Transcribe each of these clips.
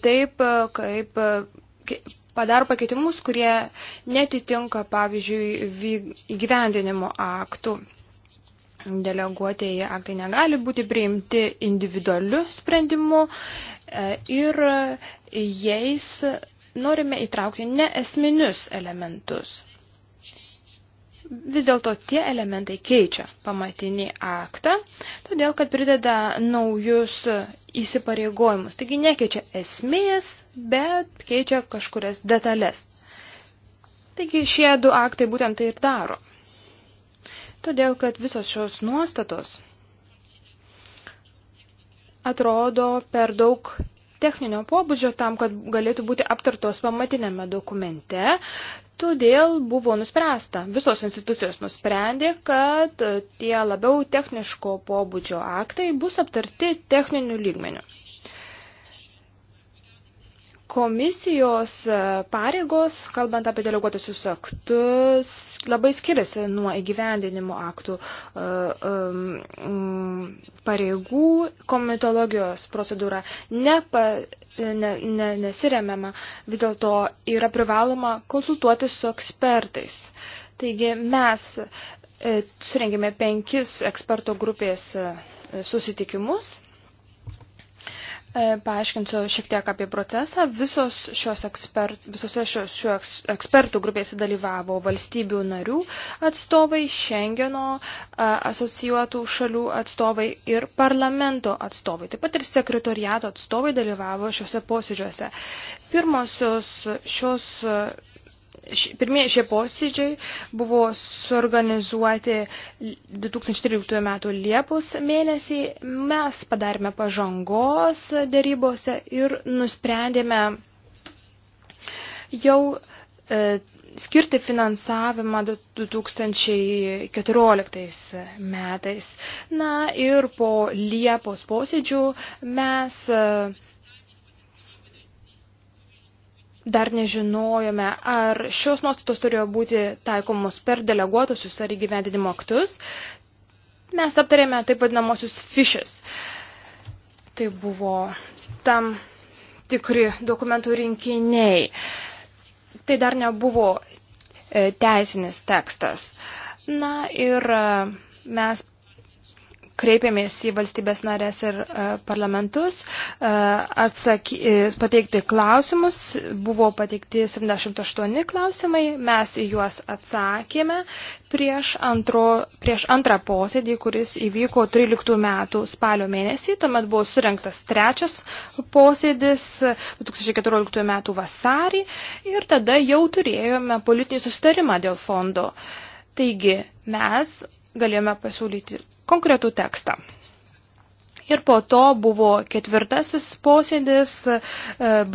taip, kaip padaro pakeitimus, kurie netitinka, pavyzdžiui, įgyvendinimo aktų. Deleguotieji aktai negali būti priimti individualiu sprendimu e, ir jais norime įtraukti neesminius elementus. Vis dėlto tie elementai keičia pamatinį aktą, todėl kad prideda naujus įsipareigojimus. Taigi nekeičia esmės, bet keičia kažkurias detalės. Taigi šie du aktai būtent tai ir daro. Todėl kad visos šios nuostatos atrodo per daug techninio pobūdžio tam, kad galėtų būti aptartos pamatinėme dokumente. Todėl buvo nuspręsta, visos institucijos nusprendė, kad tie labiau techniško pobūdžio aktai bus aptarti techniniu lygmeniu. Komisijos e, pareigos, kalbant apie deleguotusius aktus, labai skiriasi nuo įgyvendinimo aktų e, e, pareigų. Komitologijos procedūra nepa, ne, ne, nesiremiama, vis dėlto yra privaloma konsultuoti su ekspertais. Taigi mes surengėme penkis eksperto grupės susitikimus E, paaiškinsiu šiek tiek apie procesą. Visos šios ekspert, visose šios, šių ekspertų grupėse dalyvavo valstybių narių atstovai, Šengeno e, asocijuotų šalių atstovai ir parlamento atstovai. Taip pat ir sekretoriato atstovai dalyvavo šiuose posėdžiuose. Pirmosios šios Pirmieji šie posėdžiai buvo suorganizuoti 2013 m. Liepos mėnesį. Mes padarėme pažangos dėrybose ir nusprendėme jau e, skirti finansavimą 2014 metais. Na ir po Liepos posėdžių mes e, dar nežinojome, ar šios nuostatos turėjo būti taikomos per deleguotusius ar įgyvendinimo aktus. Mes aptarėme taip vadinamosius fišes. Tai buvo tam tikri dokumentų rinkiniai. Tai dar nebuvo e, teisinis tekstas. Na ir e, mes kreipėmės į valstybės narės ir e, parlamentus e, atsaky, e, pateikti klausimus. Buvo pateikti 78 klausimai, mes į juos atsakėme prieš, antro, prieš antrą posėdį, kuris įvyko 13 metų spalio mėnesį. Tuomet buvo surinktas trečias posėdis 2014 metų vasarį ir tada jau turėjome politinį sustarimą dėl fondo. Taigi mes galėjome pasiūlyti konkretų tekstą. Ir po to buvo ketvirtasis posėdis e,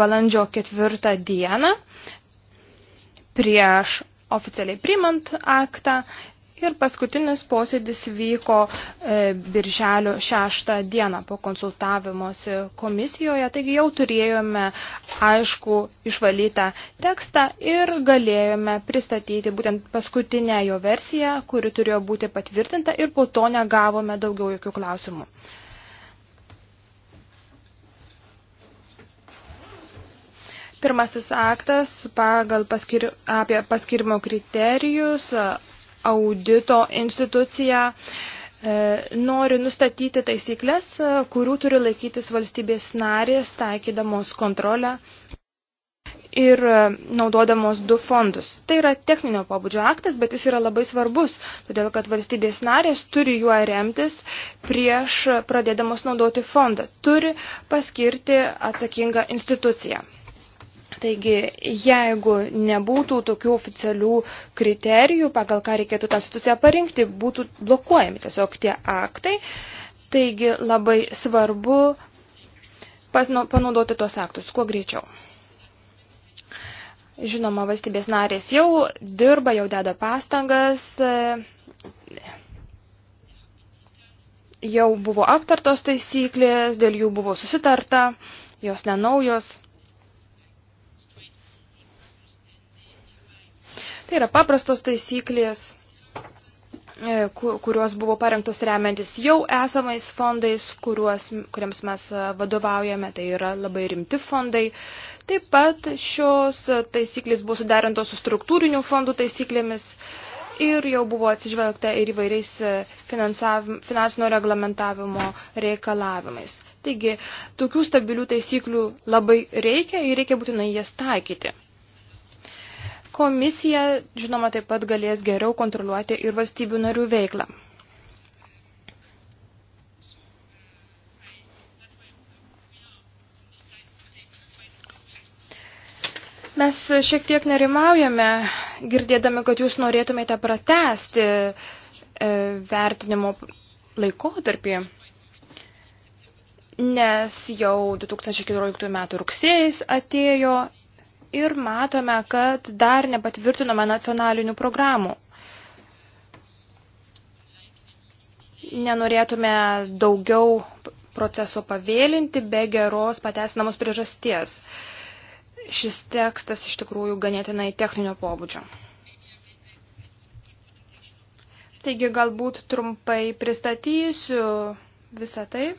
balandžio ketvirtą dieną prieš oficialiai primant aktą Ir paskutinis posėdis vyko e, birželio 6 dieną po konsultavimuose komisijoje, taigi jau turėjome aišku išvalytą tekstą ir galėjome pristatyti būtent paskutinę jo versiją, kuri turėjo būti patvirtinta ir po to negavome daugiau jokių klausimų. Pirmasis aktas pagal paskir, apie paskirimo kriterijus audito institucija e, nori nustatyti taisyklės, e, kurių turi laikytis valstybės narės, taikydamos kontrolę ir e, naudodamos du fondus. Tai yra techninio pabudžio aktas, bet jis yra labai svarbus, todėl kad valstybės narės turi juo remtis prieš pradėdamos naudoti fondą, turi paskirti atsakingą instituciją. Taigi, jeigu nebūtų tokių oficialių kriterijų, pagal ką reikėtų tą instituciją parinkti, būtų blokuojami tiesiog tie aktai. Taigi, labai svarbu panaudoti tuos aktus kuo greičiau. Žinoma, valstybės narės jau dirba, jau deda pastangas e, jau buvo aptartos taisyklės, dėl jų buvo susitarta, jos nenaujos. Tai yra paprastos taisyklės, e, kurios buvo parengtos remiantis jau esamais fondais, kuriuos, kuriems mes e, vadovaujame, tai yra labai rimti fondai. Taip pat šios taisyklės buvo suderintos su struktūrinių fondų taisyklėmis ir jau buvo atsižvelgta ir įvairiais e, finansinio reglamentavimo reikalavimais. Taigi, tokių stabilių taisyklių labai reikia ir reikia būtinai jas taikyti. Komisija, žinoma, taip pat galės geriau kontroliuoti ir valstybių narių veiklą. Mes šiek tiek nerimaujame, girdėdami, kad jūs norėtumėte pratesti e, vertinimo laikotarpį, nes jau 2014 metų rugsėjais atėjo ir matome, kad dar nepatvirtinome nacionalinių programų. Nenorėtume daugiau proceso pavėlinti be geros pateisinamos priežasties. Šis tekstas iš tikrųjų ganėtinai techninio pobūdžio. Taigi galbūt trumpai pristatysiu visą tai.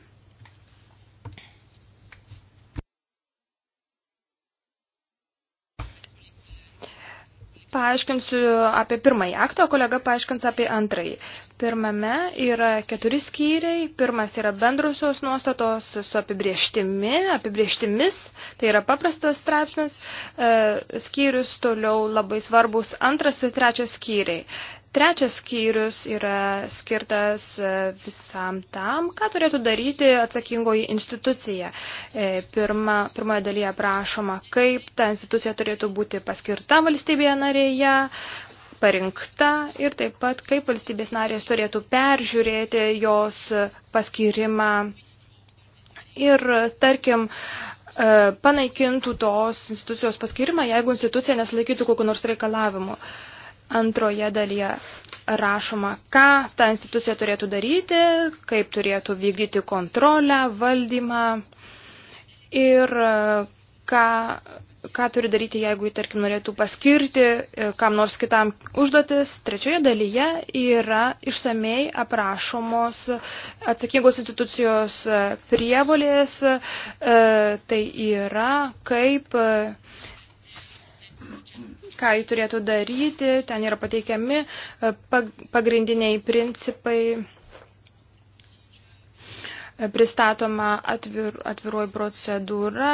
paaiškinsiu apie pirmąjį aktą, o kolega paaiškins apie antrąjį. Pirmame yra keturi skyriai. Pirmas yra bendrusios nuostatos su apibrieštimi, apibrieštimis, tai yra paprastas straipsnis. E, skyrius toliau labai svarbus antras ir trečias skyriai. Trečias skyrius yra skirtas e, visam tam, ką turėtų daryti atsakingoji institucija. E, pirma, pirmoje dalyje prašoma, kaip ta institucija turėtų būti paskirta valstybėje narėje, parinkta ir taip pat, kaip valstybės narės turėtų peržiūrėti jos paskirimą ir, tarkim, e, panaikintų tos institucijos paskirimą, jeigu institucija nesilaikytų kokiu nors reikalavimu. Antroje dalyje rašoma, ką ta institucija turėtų daryti, kaip turėtų vykdyti kontrolę, valdymą ir e, ką, ką turi daryti, jeigu, tarkim, norėtų paskirti e, kam nors kitam užduotis. Trečioje dalyje yra išsamei aprašomos atsakingos institucijos e, prievolės, tai yra kaip ką jį turėtų daryti, ten yra pateikiami e, pagrindiniai principai, e, pristatoma atvir, atviruoji procedūra,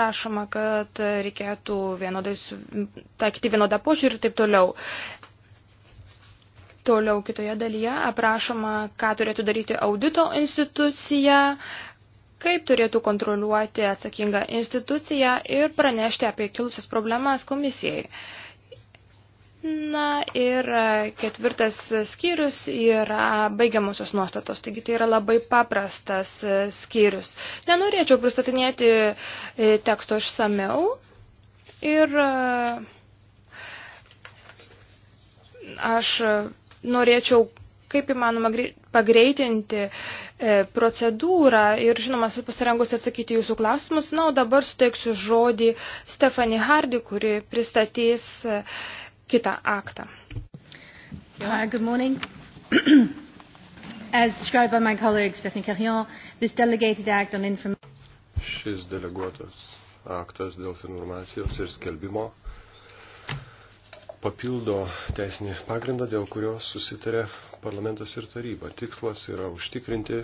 rašoma, kad reikėtų vienodai su, taikyti vienodą požiūrį ir taip toliau. Toliau kitoje dalyje aprašoma, ką turėtų daryti audito institucija, uh, kaip turėtų kontroliuoti atsakingą instituciją ir pranešti apie kilusias problemas komisijai. Na ir e, ketvirtas skyrius yra baigiamusios nuostatos, taigi tai yra labai paprastas e, skyrius. Nenorėčiau pristatinėti e, teksto išsameu ir aš norėčiau kaip įmanoma pagreitinti uh, E, procedūrą ir, žinoma, esu pasirengusi atsakyti jūsų klausimus. Na, o dabar suteiksiu žodį Stefani Hardy, kuri pristatys e, kitą aktą. Uh, good morning. As described by my colleague Stephanie Carillon, this delegated act on information. Šis deleguotas aktas dėl informacijos ir skelbimo papildo teisinį pagrindą, dėl kurios susitarė parlamentas ir taryba. Tikslas yra užtikrinti,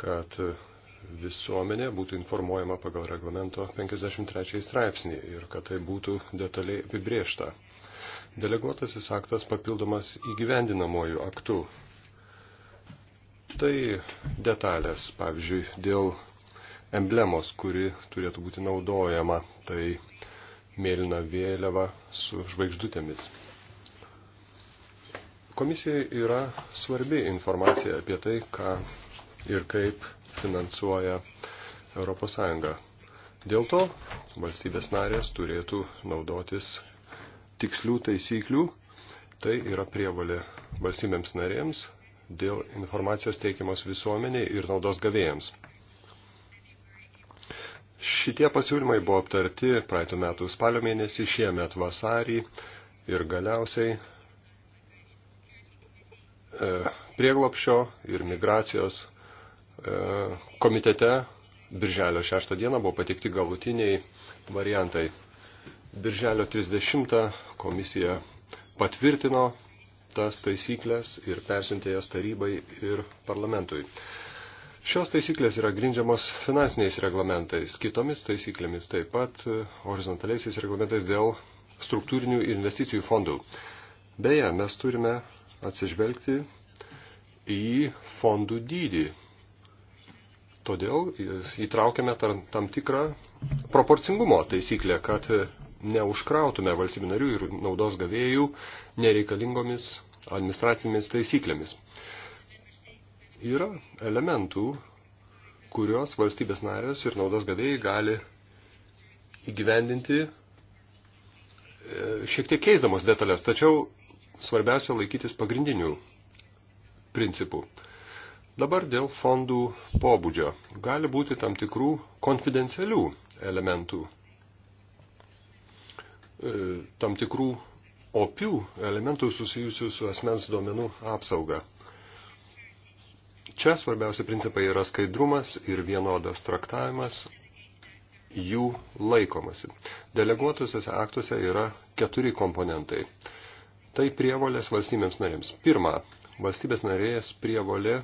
kad visuomenė būtų informuojama pagal reglamento 53 straipsnį ir kad tai būtų detaliai apibriešta. Deleguotasis aktas papildomas įgyvendinamuoju aktu. Tai detalės, pavyzdžiui, dėl emblemos, kuri turėtų būti naudojama, tai mėlyna vėliava su žvaigždutėmis. Komisijai yra svarbi informacija apie tai, ką ir kaip finansuoja ES. Dėl to valstybės narės turėtų naudotis tikslių taisyklių. Tai yra prievalė valstybėms narėms dėl informacijos teikiamos visuomeniai ir naudos gavėjams. Šitie pasiūlymai buvo aptarti praeitų metų spalio mėnesį, šiemet vasarį ir galiausiai E, prieglopšio ir migracijos e, komitete Birželio 6 dieną buvo patikti galutiniai variantai. Birželio 30 komisija patvirtino tas taisyklės ir persintė jas tarybai ir parlamentui. Šios taisyklės yra grindžiamos finansiniais reglamentais, kitomis taisyklėmis taip pat e, horizontaliaisiais reglamentais dėl struktūrinių investicijų fondų. Beje, mes turime atsižvelgti į fondų dydį. Todėl įtraukiame tam tikrą proporcingumo taisyklę, kad neužkrautume valstybių narių ir naudos gavėjų nereikalingomis administracinėmis taisyklėmis. Yra elementų, kuriuos valstybės narės ir naudos gavėjai gali įgyvendinti e, šiek tiek keisdamos detalės, tačiau svarbiausia laikytis pagrindinių principų. Dabar dėl fondų pobūdžio. Gali būti tam tikrų konfidencialių elementų, e, tam tikrų opių elementų susijusių su asmens duomenų apsauga. Čia svarbiausia principai yra skaidrumas ir vienodas traktavimas, jų laikomasi. Deleguotusiuose aktuose yra keturi komponentai. Tai prievolės valstybėms narėms. Pirma, valstybės narės prievolė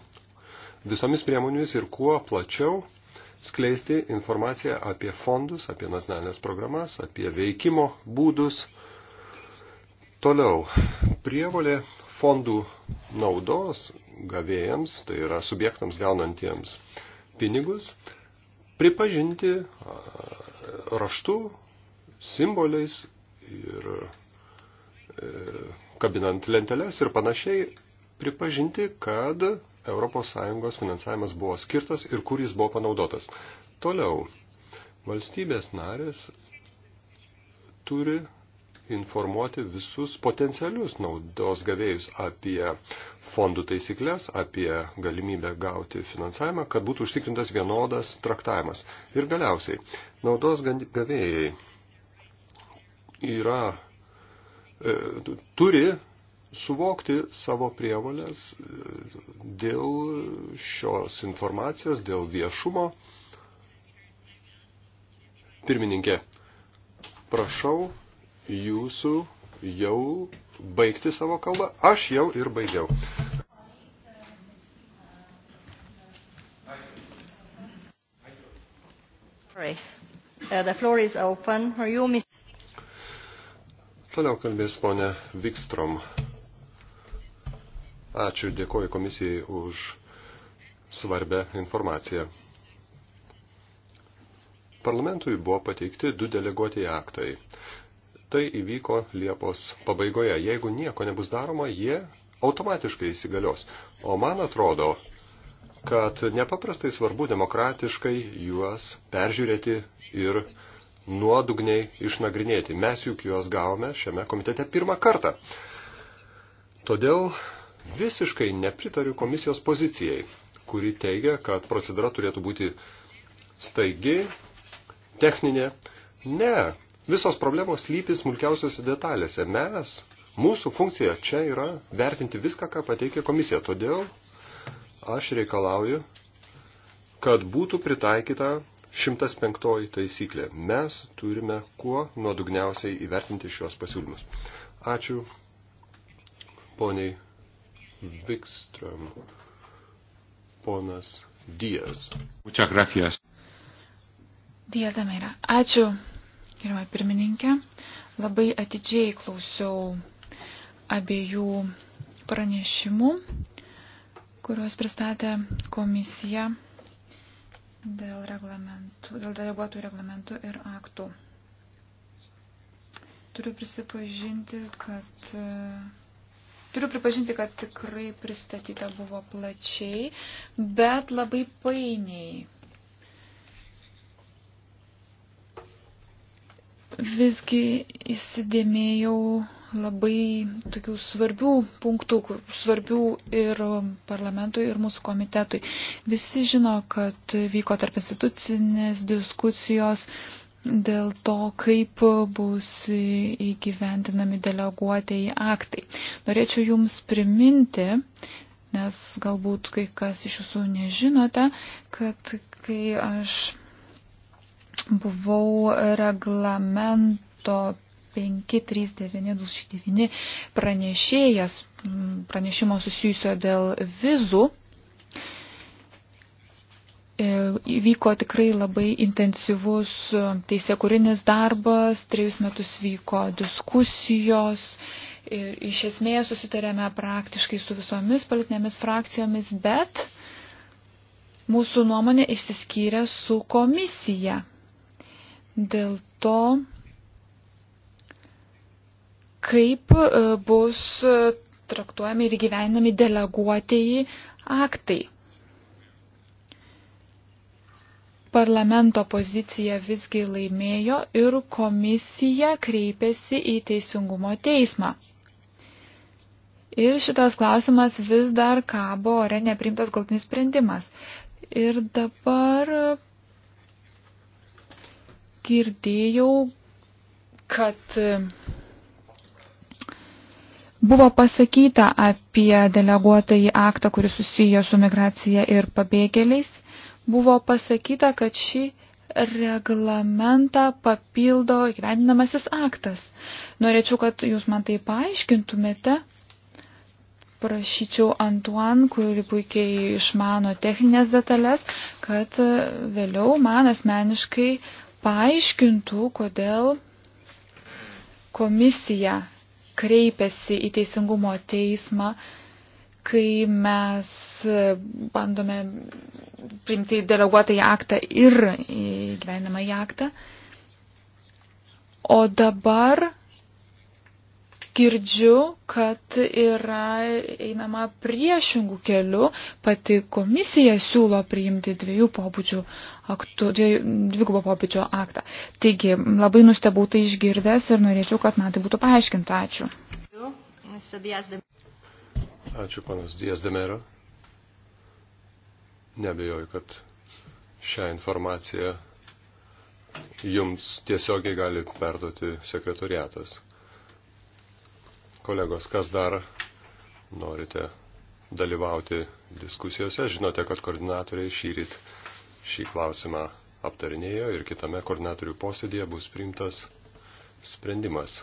visomis priemonėmis ir kuo plačiau skleisti informaciją apie fondus, apie nacionalinės programas, apie veikimo būdus. Toliau, prievolė fondų naudos gavėjams, tai yra subjektams gaunantiems pinigus, pripažinti raštu, simboliais ir E, kabinant lenteles ir panašiai, pripažinti, kad ES finansavimas buvo skirtas ir kur jis buvo panaudotas. Toliau, valstybės narės turi informuoti visus potencialius naudos gavėjus apie fondų taisyklės, apie galimybę gauti finansavimą, kad būtų užtikrintas vienodas traktavimas. Ir galiausiai, naudos gavėjai yra E, turi suvokti savo prievalės e, dėl šios informacijos, dėl viešumo. Pirmininkė, prašau jūsų jau baigti savo kalbą. Aš jau ir baigiau. Uh, the floor is open. Are you, Mr. Toliau kalbės ponė Vikstrom. Ačiū, dėkoju komisijai už svarbę informaciją. Parlamentui buvo pateikti du deleguotieji aktai. Tai įvyko Liepos pabaigoje. Jeigu nieko nebus daroma, jie automatiškai įsigalios. O man atrodo, kad nepaprastai svarbu demokratiškai juos peržiūrėti ir nuodugniai išnagrinėti. Mes juk juos gavome šiame komitete pirmą kartą. Todėl visiškai nepritariu komisijos pozicijai, kuri teigia, kad procedūra turėtų būti staigi, techninė. Ne, visos problemos lypi smulkiausiose detalėse. Mes, mūsų funkcija čia yra vertinti viską, ką pateikė komisija. Todėl aš reikalauju, kad būtų pritaikyta 105 taisyklė. Mes turime kuo nuodugniausiai įvertinti šios pasiūlymus. Ačiū poniai Vikström, ponas Dijas. Muchas gracias. Dijas Damera. Ačiū, gerama pirmininkė. Labai atidžiai klausiau abiejų pranešimų, kuriuos pristatė komisija dėl, dėl deleguotų reglamentų ir aktų. Turiu prisipažinti, kad Turiu pripažinti, kad tikrai pristatyta buvo plačiai, bet labai painiai. Visgi įsidėmėjau labai tokių svarbių punktų, svarbių ir parlamentui, ir mūsų komitetui. Visi žino, kad vyko tarp institucinės diskusijos dėl to, kaip bus įgyvendinami deleguotieji aktai. Norėčiau Jums priminti, nes galbūt kai kas iš Jūsų nežinote, kad kai aš buvau reglamento 539 pranešėjas mm, pranešimo susijusio dėl vizų e, vyko tikrai labai intensyvus teisėkurinis darbas, trejus metus vyko diskusijos ir iš esmės susitarėme praktiškai su visomis politinėmis frakcijomis, bet mūsų nuomonė išsiskyrė su komisija. Dėl to kaip e, bus e, traktuojami ir gyvenami deleguotieji aktai. Parlamento pozicija visgi laimėjo ir komisija kreipėsi į Teisingumo teismą. Ir šitas klausimas vis dar kabo ore neprimtas galtinis sprendimas. Ir dabar girdėjau, kad Buvo pasakyta apie deleguotąjį aktą, kuris susiję su migracija ir pabėgėliais. Buvo pasakyta, kad šį reglamentą papildo gyvendinamasis aktas. Norėčiau, kad jūs man tai paaiškintumėte. Prašyčiau Antuan, kuri puikiai išmano techninės detalės, kad vėliau man asmeniškai paaiškintų, kodėl komisija kreipiasi į teisingumo teismą, kai mes bandome priimti deleguotą į aktą ir gyvenimą į aktą. O dabar girdžiu, kad yra einama priešingų kelių, pati komisija siūlo priimti dviejų pobūdžių aktų, dvigubo pobūdžio aktą. Taigi, labai nustebau tai išgirdęs ir norėčiau, kad man tai būtų paaiškinta. Ačiū. Ačiū, panas Dijas Demero. Nebejoju, kad šią informaciją jums tiesiogiai gali perduoti sekretoriatas. Kolegos, kas dar norite dalyvauti diskusijose, žinote, kad koordinatoriai šį ryt šį klausimą aptarinėjo ir kitame koordinatorių posėdėje bus priimtas sprendimas,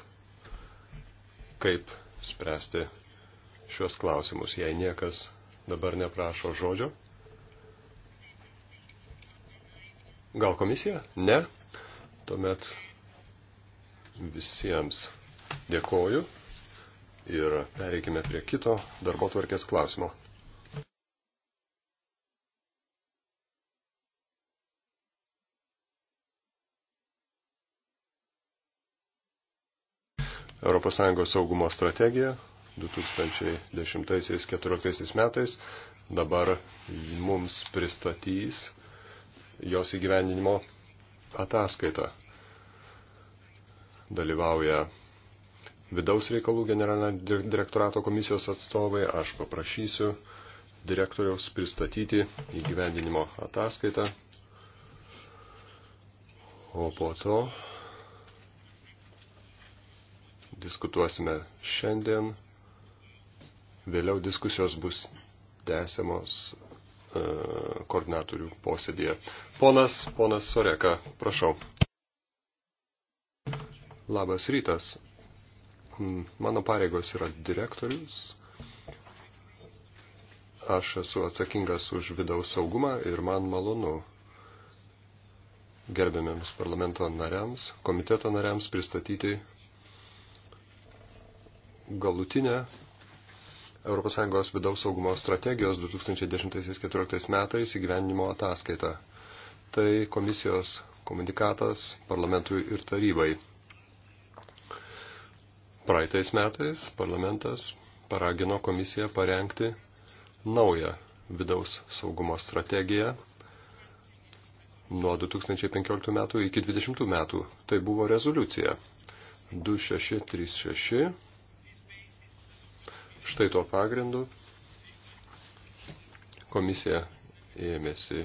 kaip spręsti šios klausimus, jei niekas dabar neprašo žodžio. Gal komisija? Ne. Tuomet visiems dėkoju ir pereikime prie kito darbo tvarkės klausimo. ES saugumo strategija 2010-2014 metais dabar mums pristatys jos įgyvendinimo ataskaitą. Dalyvauja vidaus reikalų generalinio direktorato komisijos atstovai. Aš paprašysiu direktoriaus pristatyti įgyvendinimo ataskaitą. O po to diskutuosime šiandien. Vėliau diskusijos bus tęsiamos e, koordinatorių posėdėje. Ponas, ponas Soreka, prašau. Labas rytas. Mano pareigos yra direktorius. Aš esu atsakingas už vidaus saugumą ir man malonu gerbiamiems parlamento nariams, komiteto nariams pristatyti galutinę ES vidaus saugumo strategijos 2010-2014 metais įgyvenimo ataskaitą. Tai komisijos komunikatas parlamentui ir tarybai. Praeitais metais parlamentas paragino komisiją parengti naują vidaus saugumo strategiją nuo 2015 metų iki 2020 metų. Tai buvo rezoliucija 2636. Štai tuo pagrindu komisija ėmėsi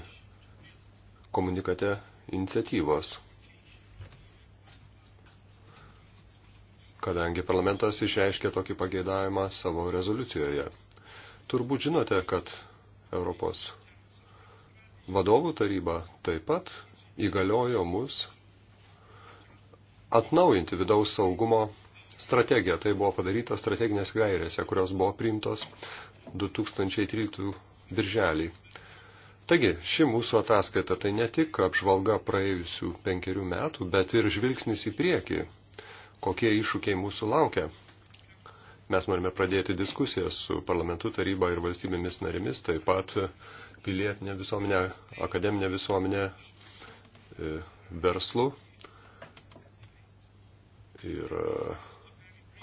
komunikate iniciatyvos kadangi parlamentas išreiškė tokį pageidavimą savo rezoliucijoje. Turbūt žinote, kad Europos vadovų taryba taip pat įgaliojo mus atnaujinti vidaus saugumo strategiją. Tai buvo padaryta strateginės gairėse, kurios buvo priimtos 2013 birželį. Taigi, ši mūsų ataskaita tai ne tik apžvalga praėjusių penkerių metų, bet ir žvilgsnis į priekį kokie iššūkiai mūsų laukia. Mes norime pradėti diskusijas su parlamentu, taryba ir valstybėmis narėmis, taip pat pilietinė visuomenė, akademinė visuomenė, e, verslu. Ir e,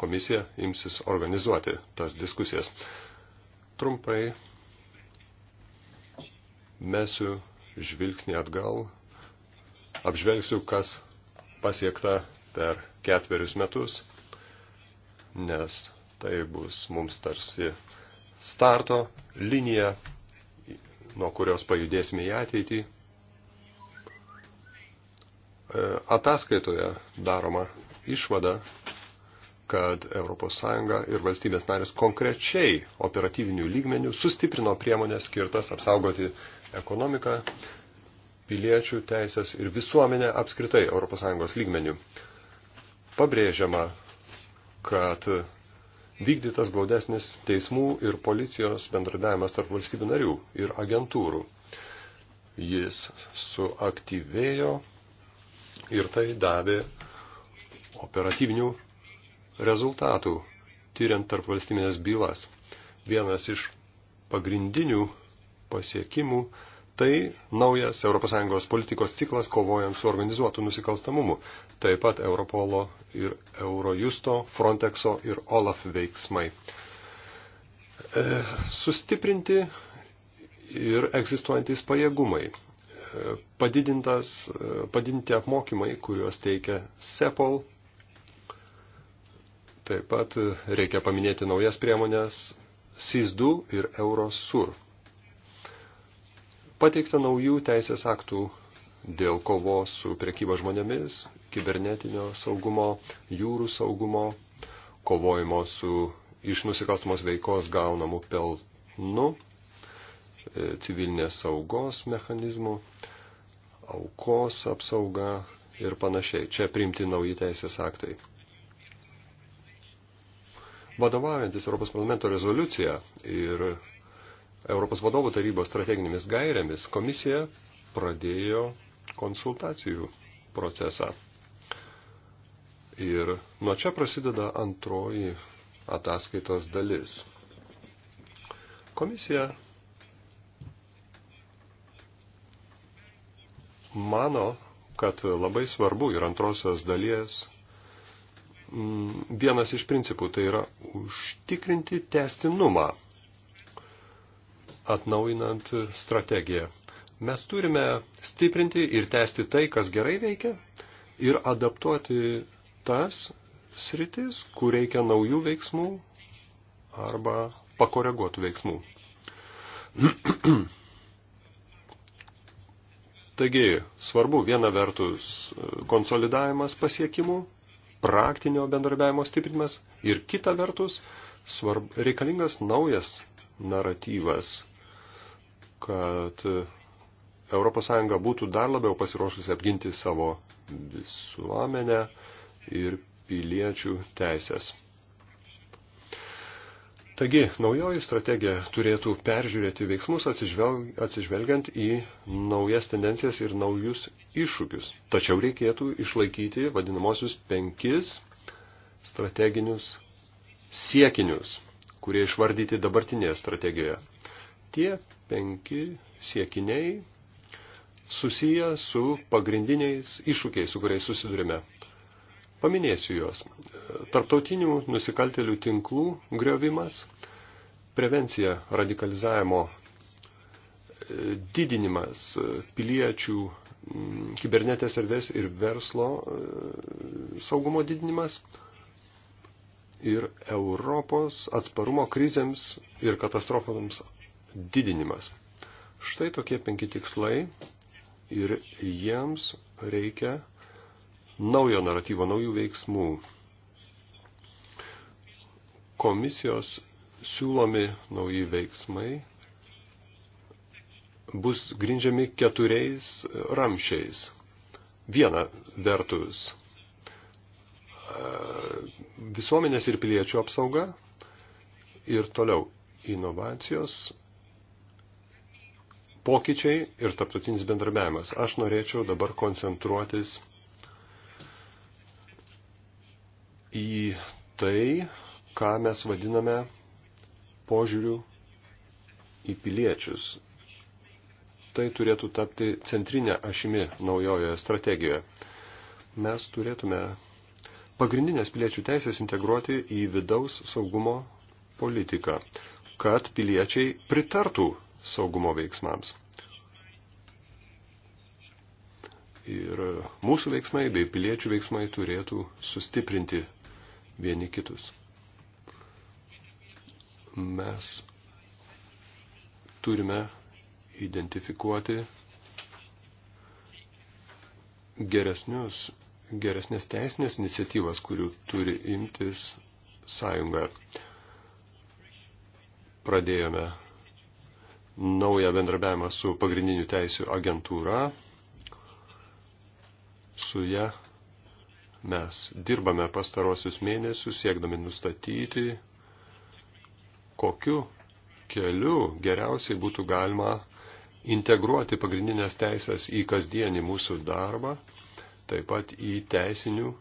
komisija imsis organizuoti tas diskusijas. Trumpai mesiu žvilgsnį atgal, apžvelgsiu, kas pasiekta per ketverius metus, nes tai bus mums tarsi starto linija, nuo kurios pajudėsime į ateitį. E, ataskaitoje daroma išvada, kad ES ir valstybės narės konkrečiai operatyvinių lygmenių sustiprino priemonės skirtas apsaugoti ekonomiką, piliečių teisės ir visuomenę apskritai ES lygmenių pabrėžiama, kad vykdytas glaudesnis teismų ir policijos bendradavimas tarp valstybių narių ir agentūrų. Jis suaktyvėjo ir tai davė operatyvinių rezultatų, tyriant tarp valstybinės bylas. Vienas iš pagrindinių pasiekimų Tai naujas ES politikos ciklas kovojant su organizuotu nusikalstamumu, taip pat Europolo ir Eurojusto, Frontexo ir OLAF veiksmai. E, sustiprinti ir egzistuojantys pajėgumai. E, padidintas, e, padidinti apmokymai, kuriuos teikia SEPOL. Taip pat reikia paminėti naujas priemonės SIS2 ir EUROSUR. Pateikta naujų teisės aktų dėl kovos su priekyba žmonėmis, kibernetinio saugumo, jūrų saugumo, kovojimo su iš nusikalstamos veikos gaunamų pelnų, e, civilinės saugos mechanizmų, aukos apsauga ir panašiai. Čia priimti nauji teisės aktai. Vadovaujantis Europos parlamento rezoliucija ir Europos vadovų tarybos strateginėmis gairėmis komisija pradėjo konsultacijų procesą. Ir nuo čia prasideda antroji ataskaitos dalis. Komisija mano, kad labai svarbu ir antrosios dalies mm, vienas iš principų tai yra užtikrinti testinumą atnaujinant strategiją. Mes turime stiprinti ir tęsti tai, kas gerai veikia ir adaptuoti tas sritis, kur reikia naujų veiksmų arba pakoreguotų veiksmų. Taigi, svarbu viena vertus konsolidavimas pasiekimų, praktinio bendarbiavimo stiprinimas ir kita vertus svarb, reikalingas naujas naratyvas kad ES būtų dar labiau pasiruošusi apginti savo visuomenę ir piliečių teisės. Taigi, naujoji strategija turėtų peržiūrėti veiksmus atsižvelgiant į naujas tendencijas ir naujus iššūkius. Tačiau reikėtų išlaikyti vadinamosius penkis strateginius siekinius, kurie išvardyti dabartinėje strategijoje. Tie penki siekiniai susiję su pagrindiniais iššūkiais, su kuriais susidurime. Paminėsiu juos. Tarptautinių nusikaltelių tinklų griovimas, prevencija radikalizavimo didinimas piliečių mm, kibernetės erdvės ir verslo e, saugumo didinimas ir Europos atsparumo krizėms ir katastrofoms didinimas. Štai tokie penki tikslai ir jiems reikia naujo naratyvo, naujų veiksmų. Komisijos siūlomi nauji veiksmai bus grindžiami keturiais ramšiais. Viena vertus e, visuomenės ir piliečių apsauga ir toliau inovacijos pokyčiai ir tarptautinis bendrabiavimas. Aš norėčiau dabar koncentruotis į tai, ką mes vadiname požiūrių į piliečius. Tai turėtų tapti centrinė ašimi naujojoje strategijoje. Mes turėtume pagrindinės piliečių teisės integruoti į vidaus saugumo politiką, kad piliečiai pritartų saugumo veiksmams. Ir mūsų veiksmai bei piliečių veiksmai turėtų sustiprinti vieni kitus. Mes turime identifikuoti geresnius, geresnės teisinės iniciatyvas, kurių turi imtis sąjunga. Pradėjome naują bendrabiavimą su pagrindinių teisių agentūra. Su ją mes dirbame pastarosius mėnesius, siekdami nustatyti, kokiu keliu geriausiai būtų galima integruoti pagrindinės teisės į kasdienį mūsų darbą, taip pat į teisinių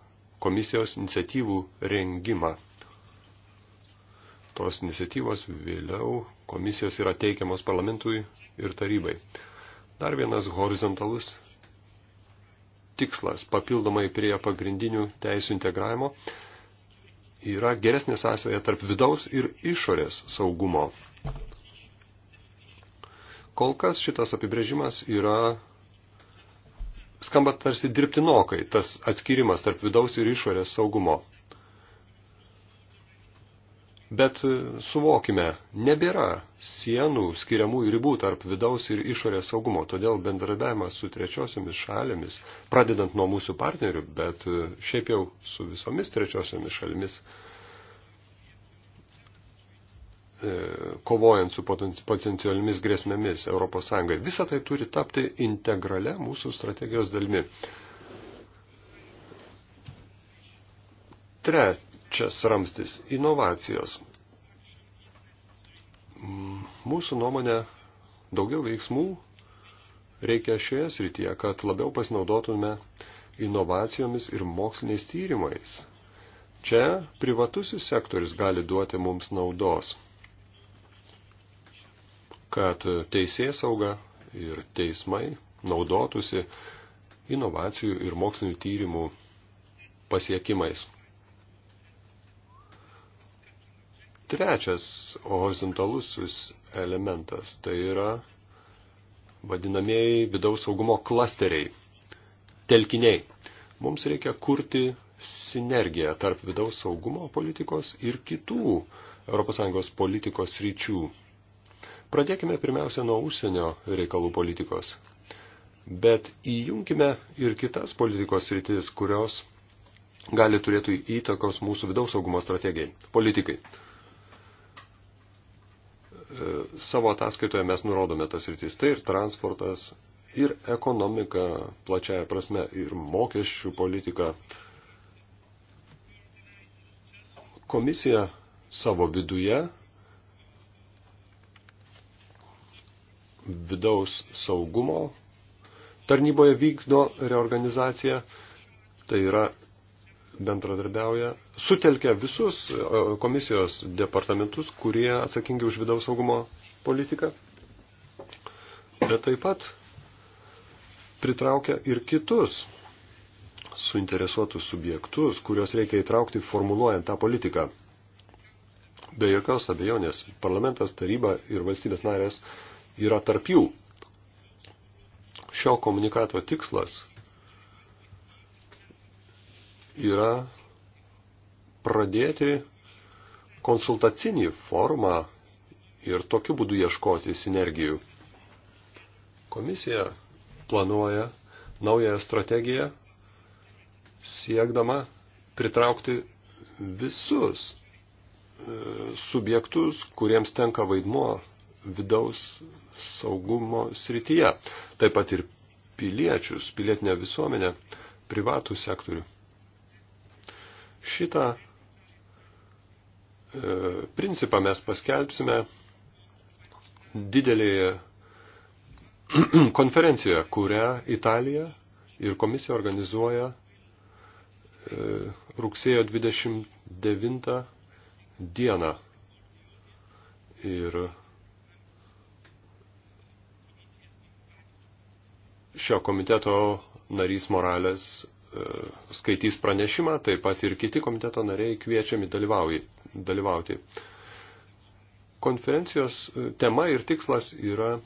komisijos iniciatyvų rengimą tos iniciatyvos vėliau komisijos yra teikiamos parlamentui ir tarybai. Dar vienas horizontalus tikslas papildomai prie pagrindinių teisų integravimo yra geresnė sąsaja tarp vidaus ir išorės saugumo. Kol kas šitas apibrėžimas yra skamba tarsi dirbtinokai, tas atskirimas tarp vidaus ir išorės saugumo. Bet e, suvokime, nebėra sienų skiriamų ribų tarp vidaus ir išorės saugumo, todėl bendradarbiavimas su trečiosiomis šalėmis, pradedant nuo mūsų partnerių, bet e, šiaip jau su visomis trečiosiomis šalimis, e, kovojant su potencialiomis grėsmėmis ES, visa tai turi tapti integrale mūsų strategijos dalimi. Tre, trečias ramstis - inovacijos. Mm, mūsų nuomonė daugiau veiksmų reikia šioje srityje, kad labiau pasinaudotume inovacijomis ir moksliniais tyrimais. Čia privatusis sektoris gali duoti mums naudos, kad teisėsauga ir teismai naudotųsi inovacijų ir mokslinių tyrimų pasiekimais. Trečias horizontalusis elementas tai yra vadinamieji vidaus saugumo klasteriai, telkiniai. Mums reikia kurti sinergiją tarp vidaus saugumo politikos ir kitų ES politikos ryčių. Pradėkime pirmiausia nuo užsienio reikalų politikos, bet įjungkime ir kitas politikos rytis, kurios gali turėti įtakos mūsų vidaus saugumo strategijai, politikai. E, savo ataskaitoje mes nurodome tas rytis. Tai ir transportas, ir ekonomika plačiaja prasme, ir mokesčių politika. Komisija savo viduje vidaus saugumo tarnyboje vykdo reorganizaciją. Tai yra bendradarbiauja, sutelkia visus e, komisijos departamentus, kurie atsakingi už vidaus saugumo politiką, bet taip pat pritraukia ir kitus suinteresuotus subjektus, kuriuos reikia įtraukti formuluojant tą politiką. Be jokios abejonės, parlamentas, taryba ir valstybės narės yra tarp jų. Šio komunikato tikslas yra pradėti konsultacinį formą ir tokiu būdu ieškoti sinergijų. Komisija planuoja naują strategiją siekdama pritraukti visus e, subjektus, kuriems tenka vaidmuo vidaus saugumo srityje. Taip pat ir piliečius, pilietinę visuomenę, privatų sektorių. Šitą e, principą mes paskelbsime didelėje konferencijoje, kurią Italija ir komisija organizuoja e, rugsėjo 29 dieną. Ir šio komiteto narys Morales skaitys pranešimą, taip pat ir kiti komiteto nariai kviečiami dalyvauti. Konferencijos e, tema ir tikslas yra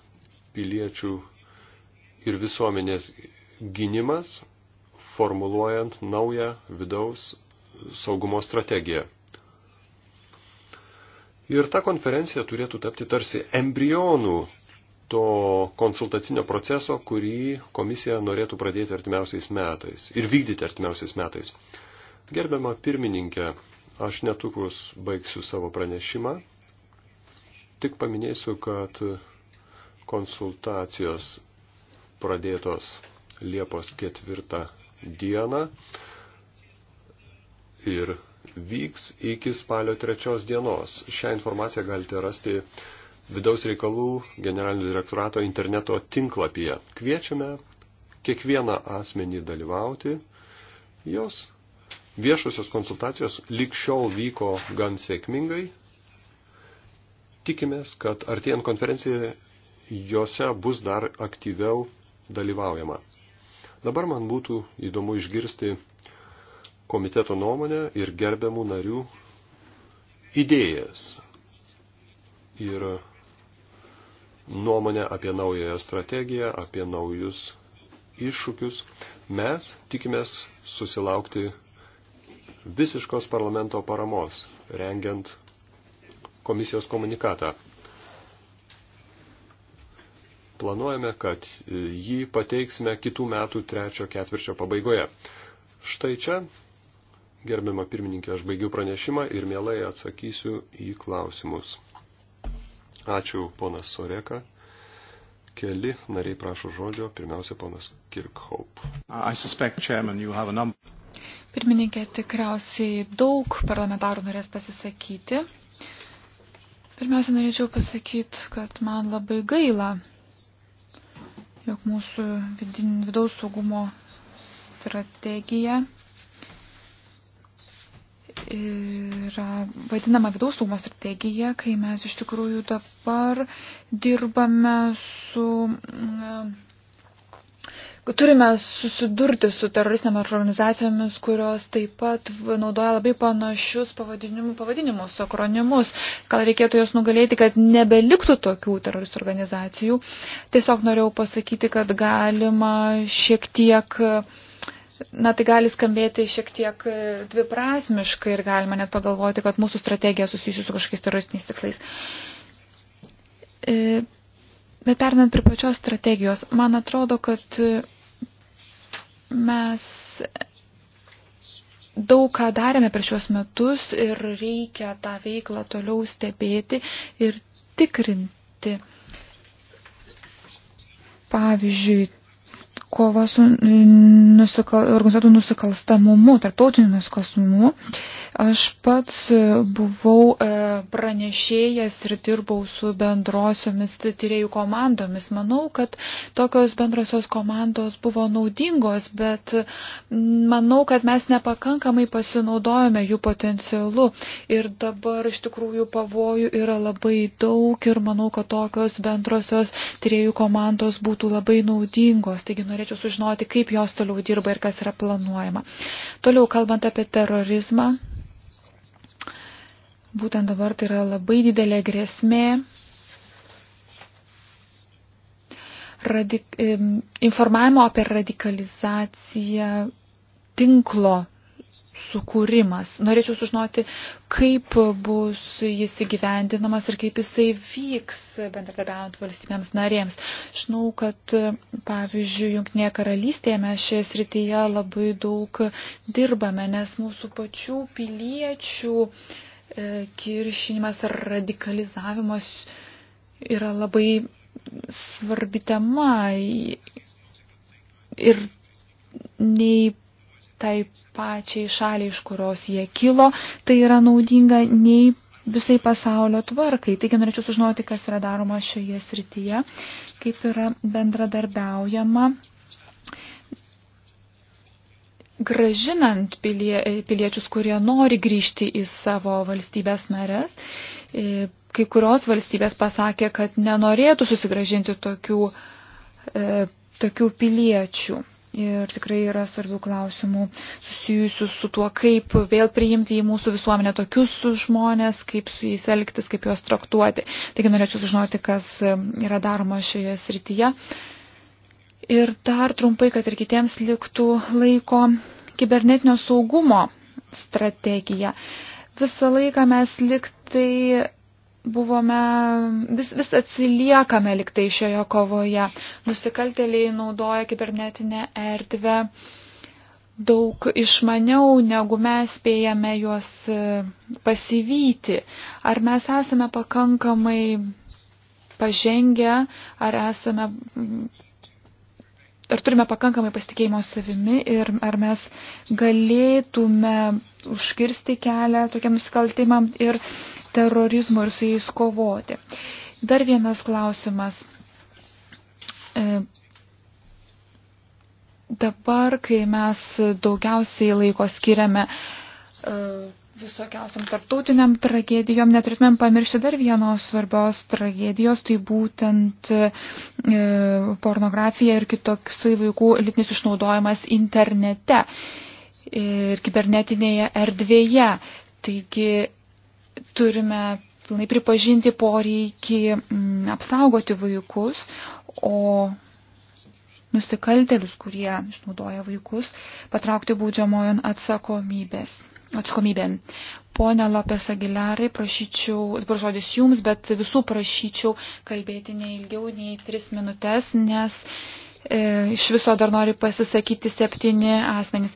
piliečių ir visuomenės gynimas, formuluojant naują vidaus saugumo strategiją. Ir ta konferencija turėtų tapti tarsi embrionų to konsultacinio proceso, kurį komisija norėtų pradėti artimiausiais metais ir vykdyti artimiausiais metais. Gerbiama pirmininkė, aš netrukus baigsiu savo pranešimą. Tik paminėsiu, kad konsultacijos pradėtos Liepos ketvirtą dieną ir vyks iki spalio trečios dienos. Šią informaciją galite rasti vidaus reikalų generalinio direktorato interneto tinklapyje. Kviečiame kiekvieną asmenį dalyvauti. Jos viešusios konsultacijos likščiol vyko gan sėkmingai. Tikimės, kad artėjant konferencijai jose bus dar aktyviau dalyvaujama. Dabar man būtų įdomu išgirsti komiteto nuomonę ir gerbiamų narių idėjas. Ir nuomonę apie naująją strategiją, apie naujus iššūkius. Mes tikimės susilaukti visiškos parlamento paramos, rengiant komisijos komunikatą. Planuojame, kad jį pateiksime kitų metų trečio ketvirčio pabaigoje. Štai čia, gerbima pirmininkė, aš baigiu pranešimą ir mielai atsakysiu į klausimus. Ačiū, ponas Soreka. Keli nariai prašo žodžio. Pirmiausia, ponas Kirkhope. Pirmininkė, tikriausiai daug parlamentarų norės pasisakyti. Pirmiausia, norėčiau pasakyti, kad man labai gaila, jog mūsų vidin, vidaus saugumo strategija yra vadinama vidaus saugumo strategija, kai mes iš tikrųjų dabar dirbame su. Mm, turime susidurti su teroristinėmis organizacijomis, kurios taip pat naudoja labai panašius pavadinimus, pavadinimus akronimus. Gal reikėtų jos nugalėti, kad nebeliktų tokių teroristų organizacijų. Tiesiog norėjau pasakyti, kad galima šiek tiek uh, Na, tai gali skambėti šiek tiek e, dviprasmiškai ir galima net pagalvoti, kad mūsų strategija susijusi su kažkokiais teroristiniais tikslais. E, bet pernant prie pačios strategijos, man atrodo, kad e, mes daug ką darėme per šios metus ir reikia tą veiklą toliau stebėti ir tikrinti. Pavyzdžiui, kova su nusikal, organizuotų nusikalstamumu, tarptautiniu nusikalstamumu. Aš pats buvau e, pranešėjęs ir dirbau su bendrosiomis tyriejų komandomis. Manau, kad tokios bendrosios komandos buvo naudingos, bet manau, kad mes nepakankamai pasinaudojame jų potencialu. Ir dabar iš tikrųjų pavojų yra labai daug ir manau, kad tokios bendrosios tyriejų komandos būtų labai naudingos. Taigi, norėčiau sužinoti, kaip jos toliau dirba ir kas yra planuojama. Toliau, kalbant apie terorizmą, būtent dabar tai yra labai didelė grėsmė. Radik, informavimo apie radikalizaciją tinklo sukūrimas. Norėčiau sužinoti, kaip bus jis įgyvendinamas ir kaip jisai vyks bendradarbiaujant valstybėms narėms. Žinau, kad pavyzdžiui, Junktinėje karalystėje mes šioje srityje labai daug dirbame, nes mūsų pačių piliečių e, kiršinimas ar radikalizavimas yra labai svarbi tema ir nei tai pačiai šaliai, iš kurios jie kilo, tai yra naudinga nei visai pasaulio tvarkai. Taigi norėčiau sužinoti, kas yra daroma šioje srityje, kaip yra bendradarbiaujama gražinant pilie, piliečius, kurie nori grįžti į savo valstybės narės. E, kai kurios valstybės pasakė, kad nenorėtų susigražinti tokių, e, tokių piliečių. Ir tikrai yra svarbių klausimų susijusių su tuo, kaip vėl priimti į mūsų visuomenę tokius žmonės, kaip su jais elgtis, kaip juos traktuoti. Taigi norėčiau sužinoti, kas yra daroma šioje srityje. Ir dar trumpai, kad ir kitiems liktų laiko kibernetinio saugumo strategija. Visą laiką mes liktai buvome, vis, vis atsiliekame liktai šioje kovoje. Nusikalteliai naudoja kibernetinę erdvę daug išmaniau, negu mes spėjame juos e, pasivyti. Ar mes esame pakankamai pažengę, ar esame. Ar turime pakankamai pasitikėjimo savimi ir ar mes galėtume užkirsti kelią tokiam nusikaltimam ir terorizmu ir su jais kovoti. Dar vienas klausimas. E, dabar, kai mes daugiausiai laiko skiriame e, visokiausiam tarptautiniam tragedijom, neturėtumėm pamiršti dar vienos svarbios tragedijos, tai būtent e, pornografija ir kitoks vaikų lytinis išnaudojimas internete. E, ir kibernetinėje erdvėje. Taigi turime pilnai pripažinti poreikį mm, apsaugoti vaikus, o nusikaltelius, kurie išnaudoja vaikus, patraukti būdžiamojon atsakomybės. Atsakomybėn. Pone Lopes Agilerai, prašyčiau, dabar žodis jums, bet visų prašyčiau kalbėti neilgiau nei tris minutės, nes e, iš viso dar nori pasisakyti septyni asmenys.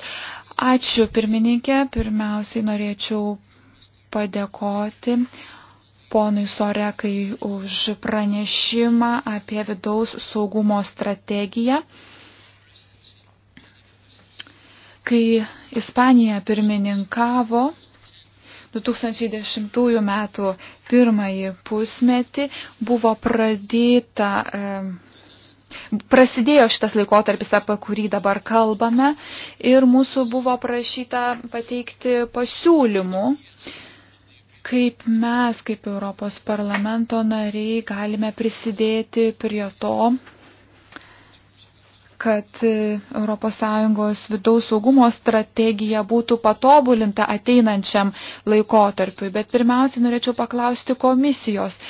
Ačiū pirmininkė. Pirmiausiai norėčiau padėkoti ponui Sorekai už pranešimą apie vidaus saugumo strategiją. Kai Ispanija pirmininkavo 2010 m. pirmąjį pusmetį, buvo pradėta e, prasidėjo šitas laikotarpis, apie kurį dabar kalbame, ir mūsų buvo prašyta pateikti pasiūlymų, kaip mes, kaip Europos parlamento nariai, galime prisidėti prie to, kad ES vidaus saugumo strategija būtų patobulinta ateinančiam laikotarpiui. Bet pirmiausia, norėčiau paklausti komisijos,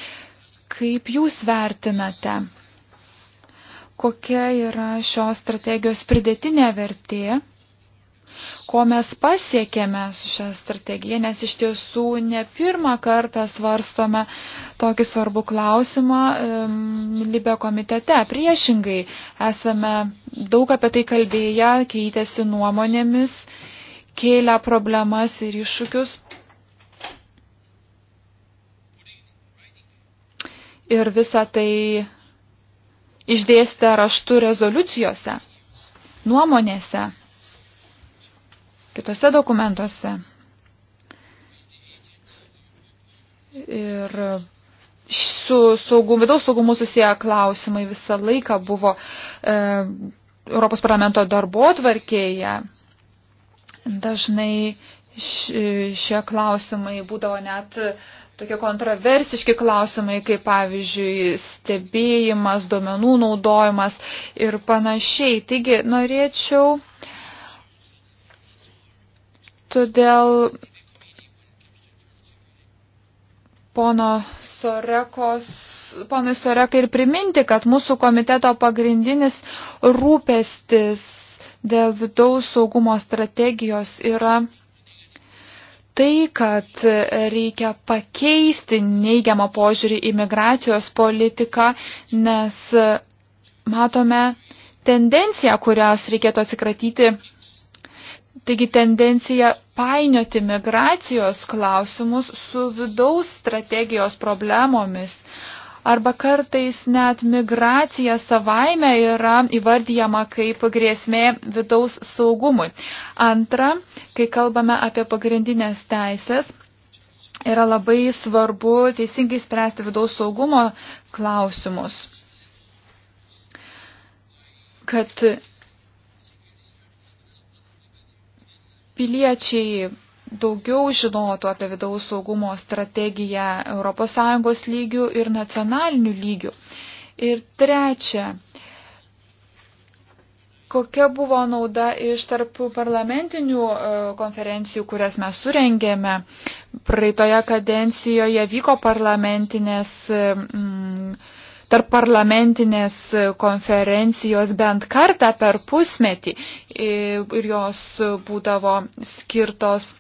kaip jūs vertinate kokia yra šios strategijos pridėtinė vertė, ko mes pasiekėme su šią strategiją, nes iš tiesų ne pirmą kartą svarstome tokį svarbų klausimą um, Libė komitete. Priešingai esame daug apie tai kalbėję, keitėsi nuomonėmis, kėlę problemas ir iššūkius. Ir visa tai išdėstę raštų rezoliucijose, nuomonėse, kitose dokumentuose. Ir su saugum, vidaus saugumu susiję klausimai visą laiką buvo e, Europos parlamento darbo tvarkėje. Dažnai šie klausimai būdavo net tokie kontroversiški klausimai, kaip pavyzdžiui stebėjimas, duomenų naudojimas ir panašiai. Taigi norėčiau todėl pono Sorekos, ponui Sorekai ir priminti, kad mūsų komiteto pagrindinis rūpestis dėl vidaus saugumo strategijos yra tai, kad reikia pakeisti neigiamą požiūrį į migracijos politiką, nes matome tendenciją, kurios reikėtų atsikratyti. Taigi tendencija painioti migracijos klausimus su vidaus strategijos problemomis arba kartais net migracija savaime yra įvardyjama kaip grėsmė vidaus saugumui. Antra, kai kalbame apie pagrindinės teisės, yra labai svarbu teisingai spręsti vidaus saugumo klausimus. Kad piliečiai daugiau žinotų apie vidaus saugumo strategiją ES lygių ir nacionalinių lygių. Ir trečia, kokia buvo nauda iš tarp parlamentinių e, konferencijų, kurias mes surengėme. Praeitoje kadencijoje vyko parlamentinės. Mm, tarp parlamentinės konferencijos bent kartą per pusmetį e, ir jos būdavo skirtos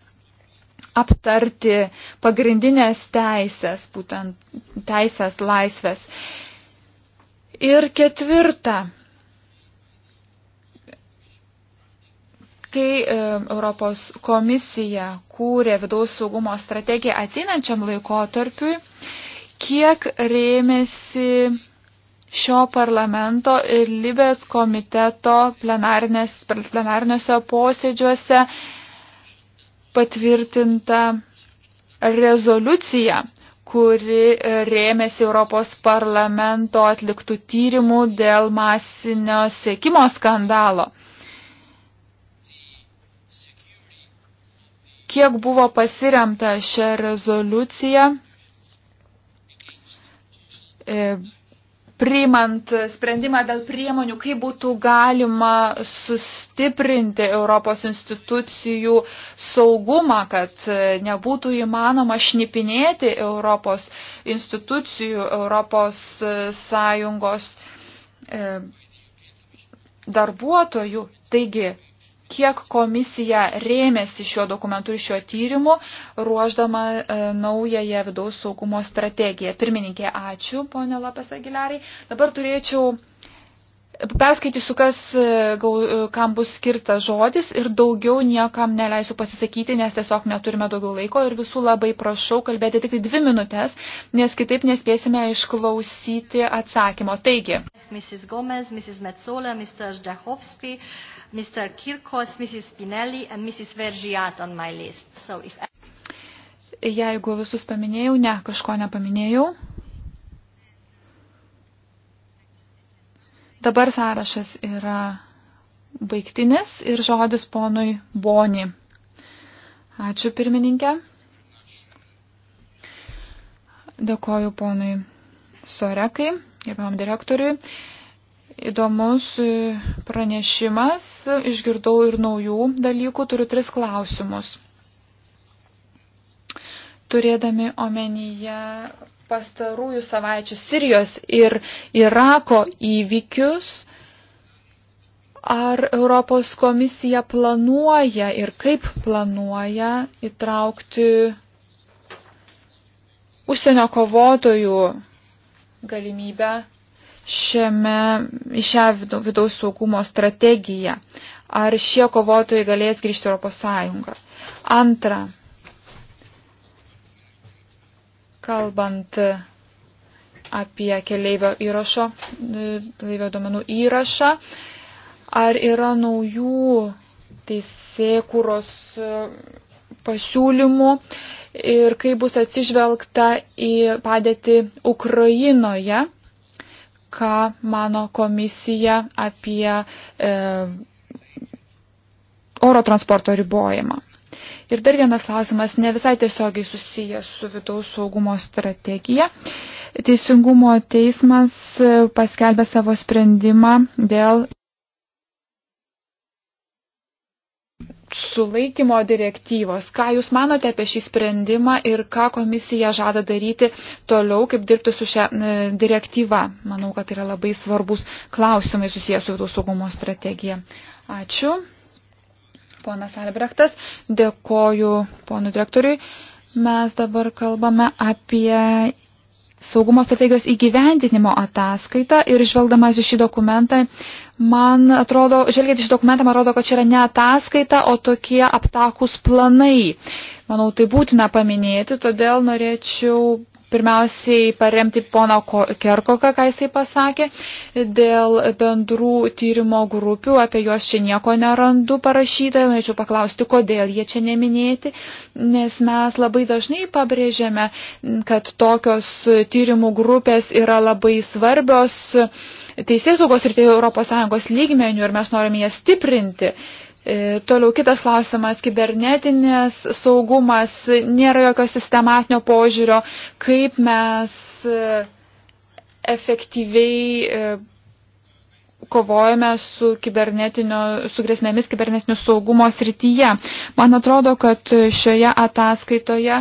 aptarti pagrindinės teisės, būtent teisės laisvės. Ir ketvirta, kai e, Europos komisija kūrė vidaus saugumo strategiją ateinančiam laikotarpiui, kiek rėmėsi šio parlamento ir Libės komiteto plenariniuose posėdžiuose patvirtinta rezoliucija, kuri rėmėsi Europos parlamento atliktų tyrimų dėl masinio sėkimo skandalo. Kiek buvo pasiremta šią rezoliuciją? E, priimant sprendimą dėl priemonių, kaip būtų galima sustiprinti Europos institucijų saugumą, kad nebūtų įmanoma šnipinėti Europos institucijų, Europos Sąjungos e, darbuotojų. Taigi, kiek komisija rėmėsi šiuo dokumentu ir šiuo tyrimu, ruoždama e, naująją vidaus saugumo strategiją. Pirmininkė, ačiū, ponė Lapės Agiliarai. Dabar turėčiau. Perskaitysiu, kas, e, e, kam bus skirtas žodis ir daugiau niekam neleisiu pasisakyti, nes tiesiog neturime daugiau laiko ir visų labai prašau kalbėti tik dvi minutės, nes kitaip nespėsime išklausyti atsakymo. Taigi. Mrs. Gomez, Mrs. Metzola, Mr. Ždahovski, uh, Mr. Kirkos, Mrs. Spinelli and Mrs. Vergiat on my list. So if... Jeigu visus paminėjau, ne, kažko nepaminėjau. Dabar sąrašas yra baigtinis ir žodis ponui Boni. Ačiū pirmininkė. Dėkoju ponui Sorekai, gerbam direktoriui. Įdomus e, pranešimas, išgirdau ir naujų dalykų, turiu tris klausimus. Turėdami omenyje pastarųjų savaičių Sirijos ir Irako įvykius, ar Europos komisija planuoja ir kaip planuoja įtraukti užsienio kovotojų galimybę šiame, šią vidaus saugumo strategiją? Ar šie kovotojai galės grįžti Europos Sąjungą? Antra, kalbant apie keleivio įrašo, keleivio domenų įrašą, ar yra naujų teisėkūros pasiūlymų ir kaip bus atsižvelgta į padėtį Ukrainoje ką mano komisija apie e, oro transporto ribojimą. Ir dar vienas klausimas, ne visai tiesiogiai susijęs su vidaus saugumo strategija. Teisingumo teismas e, paskelbė savo sprendimą dėl sulaikymo direktyvos. Ką Jūs manote apie šį sprendimą ir ką komisija žada daryti toliau, kaip dirbti su šią e, direktyvą? Manau, kad tai yra labai svarbus klausimai susijęs su vidaus saugumo strategija. Ačiū. Ponas Albrechtas, dėkoju ponui direktoriui. Mes dabar kalbame apie saugumo strategijos įgyvendinimo ataskaitą ir žvelgdamas į šį dokumentą, man atrodo, žvelgiant į šį dokumentą, man atrodo, kad čia yra ne ataskaita, o tokie aptakus planai. Manau, tai būtina paminėti, todėl norėčiau pirmiausiai paremti pono Kerkoką, ką jisai pasakė, dėl bendrų tyrimo grupių, apie juos čia nieko nerandu parašyta, norėčiau paklausti, kodėl jie čia neminėti, nes mes labai dažnai pabrėžiame, kad tokios tyrimų grupės yra labai svarbios teisėsaugos ir tai Europos Sąjungos lygmenių ir mes norime jas stiprinti. E, toliau kitas klausimas - kibernetinės saugumas. Nėra jokio sistematinio požiūrio, kaip mes e, efektyviai e, kovojame su, su grėsmėmis kibernetinio saugumo srityje. Man atrodo, kad šioje ataskaitoje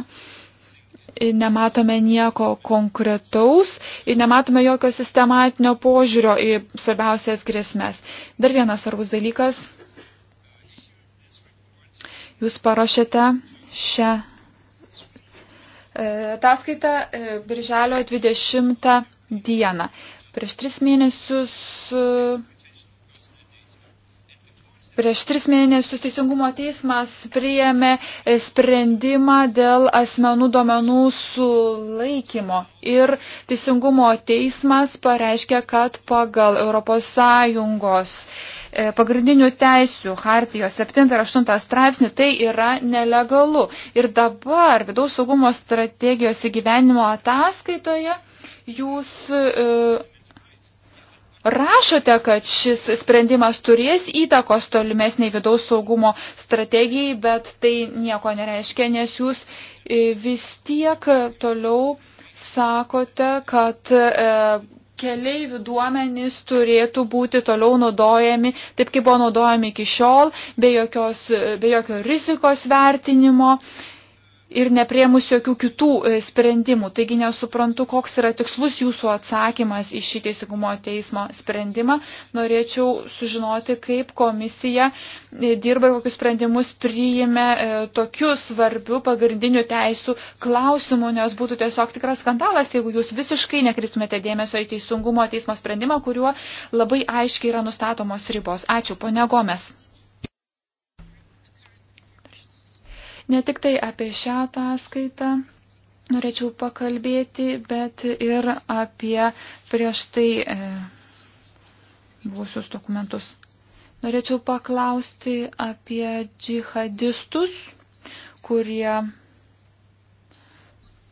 nematome nieko konkretaus ir nematome jokio sistematinio požiūrio į svarbiausias grėsmės. Dar vienas svarbus dalykas Jūs paruošėte šią e, ataskaitą e, birželio 20 dieną. Prieš tris mėnesius e, Prieš tris mėnesius Teisingumo teismas priėmė sprendimą dėl asmenų duomenų sulaikymo. Ir Teisingumo teismas pareiškė, kad pagal ES E, pagrindinių teisių hartijos 7 ir 8 straipsnį, tai yra nelegalu. Ir dabar vidaus saugumo strategijos įgyvenimo ataskaitoje jūs e, rašote, kad šis sprendimas turės įtakos tolimesniai vidaus saugumo strategijai, bet tai nieko nereiškia, nes jūs e, vis tiek toliau sakote, kad keleivių duomenys turėtų būti toliau naudojami taip, kaip buvo naudojami iki šiol, be, jokios, be jokio rizikos vertinimo. Uh, ir nepriemus jokių kitų e, sprendimų. Taigi nesuprantu, koks yra tikslus jūsų atsakymas į šį teisingumo teismo sprendimą. Norėčiau sužinoti, kaip komisija e, dirba ir kokius sprendimus priėmė e, tokiu svarbiu pagrindiniu teisų klausimu, nes būtų tiesiog tikras skandalas, jeigu jūs visiškai nekreiptumėte dėmesio į teisingumo teismo sprendimą, kuriuo labai aiškiai yra nustatomos ribos. Ačiū, ponia Gomes. Ne tik tai apie šią ataskaitą norėčiau pakalbėti, bet ir apie prieš tai e, buvusius dokumentus. Norėčiau paklausti apie džihadistus, kurie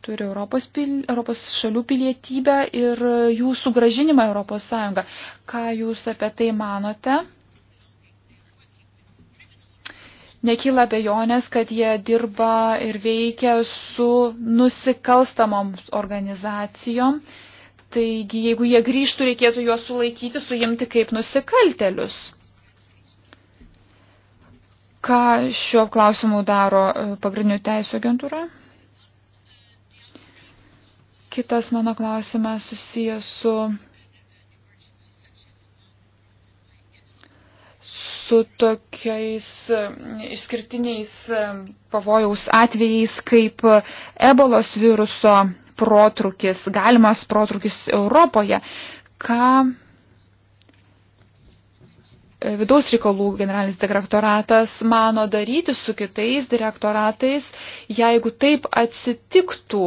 turi Europos, pil, Europos šalių pilietybę ir jų sugražinimą Europos Sąjungą. Ką jūs apie tai manote? nekyla bejonės, kad jie dirba ir veikia su nusikalstamom organizacijom. Taigi, jeigu jie grįžtų, reikėtų juos sulaikyti, suimti kaip nusikaltelius. Ką šiuo klausimu daro e, pagrindinių teisų agentūra? Kitas mano klausimas susijęs su su tokiais mm, išskirtiniais mm, pavojaus atvejais kaip ebolos viruso protrukis, galimas protrukis Europoje. Ką e, vidaus reikalų generalinis direktoratas mano daryti su kitais direktoratais, jeigu taip atsitiktų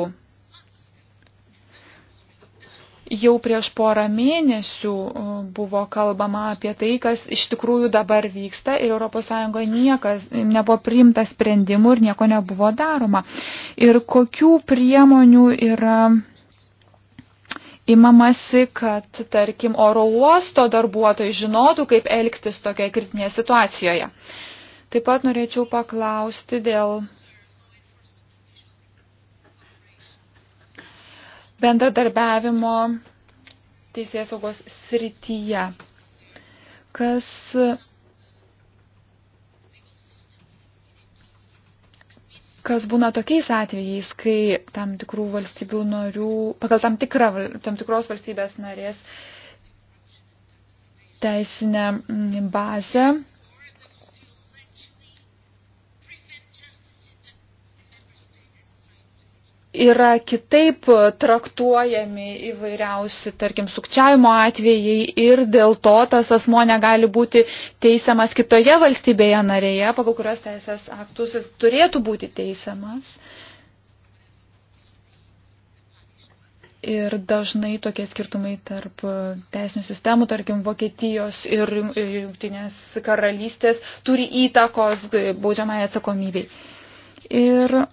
jau prieš porą mėnesių uh, buvo kalbama apie tai, kas iš tikrųjų dabar vyksta ir ES niekas nebuvo priimta sprendimų ir nieko nebuvo daroma. Ir kokių priemonių yra imamasi, kad, tarkim, oro uosto darbuotojai žinotų, kaip elgtis tokioje kritinėje situacijoje. Taip pat norėčiau paklausti dėl bendradarbiavimo teisės saugos srityje, kas kas būna tokiais atvejais, kai tam tikrų valstybių narių, pagal tam, tikrą, tam tikros valstybės narės teisinę bazę yra kitaip traktuojami įvairiausi, tarkim, sukčiavimo atvejai ir dėl to tas asmo negali būti teisiamas kitoje valstybėje narėje, pagal kurios teisės aktus jis turėtų būti teisiamas. Ir dažnai tokie skirtumai tarp teisinių sistemų, tarkim, Vokietijos ir Junktinės karalystės turi įtakos baudžiamai atsakomybei. Ir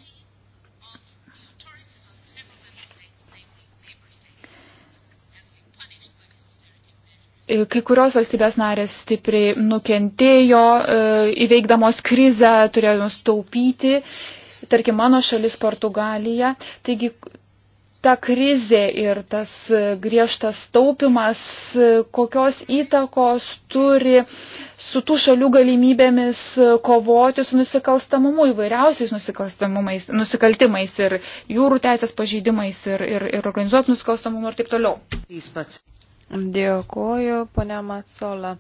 E, kai kurios valstybės narės stipriai nukentėjo, e, įveikdamos krizę turėjome staupyti, tarkim mano šalis Portugalija. Taigi ta krizė ir tas e, griežtas taupimas, kokios įtakos turi su tų šalių galimybėmis kovoti su nusikalstamumu, įvairiausiais nusikalstamumais, nusikaltimais ir jūrų teisės pažeidimais ir, ir, ir organizuotų nusikalstamumu ir taip toliau. Dėkuoju, ponia Matsola.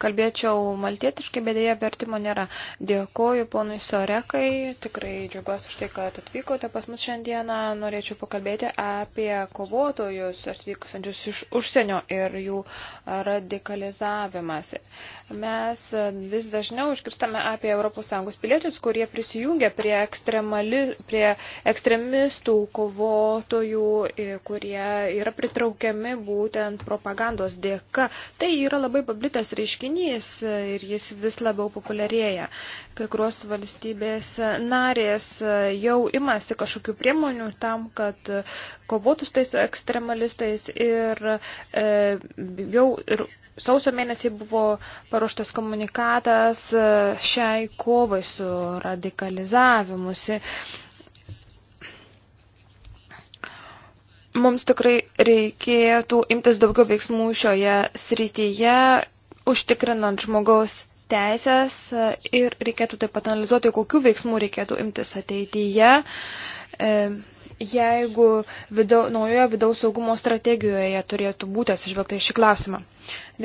Kalbėčiau maltietiškai, bet dėja vertimo nėra. Dėkuoju ponui Sorekai, tikrai džiugiuosi už tai, kad atvykote pas mus šiandieną. Norėčiau pakalbėti apie kovotojus atvykusančius iš užsienio ir jų radikalizavimąsi mes vis dažniau iškirstame apie ES piliečius, kurie prisijungia prie, prie ekstremistų, kovotojų, e, kurie yra pritraukiami būtent propagandos dėka. Tai yra labai pablitęs reiškinys ir jis vis labiau populiarėja. Kai kurios valstybės narės jau imasi kažkokių priemonių tam, kad kovotų su tais ekstremalistais ir e, jau ir sausio mėnesį buvo paruoštas komunikatas e, šiai kovai su radikalizavimusi. Mums tikrai reikėtų imtis daugiau veiksmų šioje srityje, užtikrinant žmogaus teisės e, ir reikėtų taip pat analizuoti, kokiu veiksmu reikėtų imtis ateityje, e, jeigu vidau, naujoje vidaus saugumo strategijoje turėtų būti atsižvelgta į šį klausimą.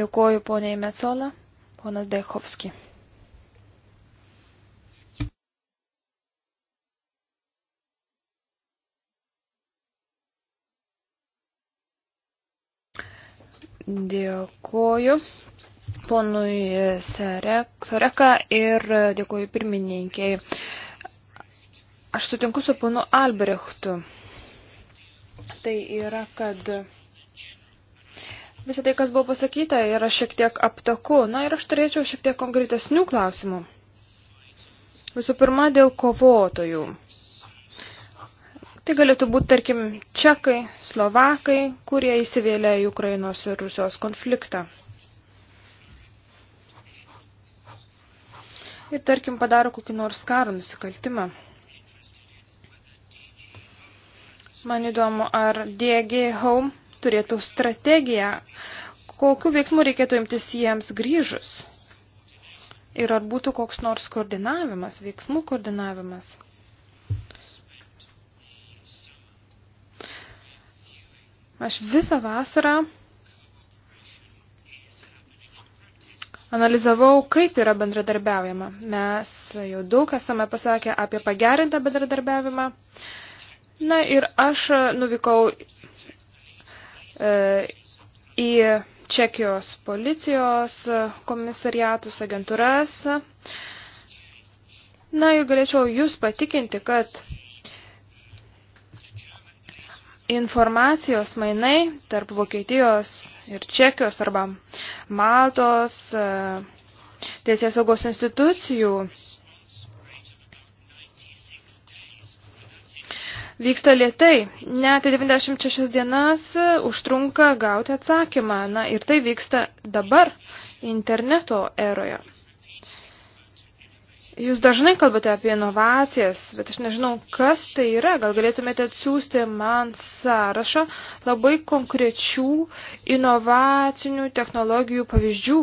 Dėkuoju poniai Metsola. Ponas Dejovski. Dėkoju ponui Sareka ir dėkoju pirmininkiai. Aš sutinku su ponu Albrechtu. Tai yra, kad Visą tai, kas buvo pasakyta, yra šiek tiek aptaku. Na ir aš turėčiau šiek tiek konkretesnių klausimų. Visų pirma, dėl kovotojų. Tai galėtų būti, tarkim, čekai, slovakai, kurie įsivėlė į Ukrainos ir Rusijos konfliktą. Ir, tarkim, padaro kokį nors karo nusikaltimą. Man įdomu, ar DG Home turėtų strategiją, kokiu veiksmu reikėtų imtis jiems grįžus. Ir ar būtų koks nors koordinavimas, veiksmų koordinavimas. Aš visą vasarą analizavau, kaip yra bendradarbiaujama. Mes jau daug esame pasakę apie pagerintą bendradarbiavimą. Na ir aš nuvykau į Čekijos policijos komisariatus, agentūras. Na ir galėčiau jūs patikinti, kad informacijos mainai tarp Vokietijos ir Čekijos arba Maltos e, teisės saugos institucijų vyksta lietai. Net 96 dienas užtrunka gauti atsakymą. Na ir tai vyksta dabar interneto eroje. Jūs dažnai kalbate apie inovacijas, bet aš nežinau, kas tai yra. Gal galėtumėte atsiųsti man sąrašą labai konkrečių inovacinių technologijų pavyzdžių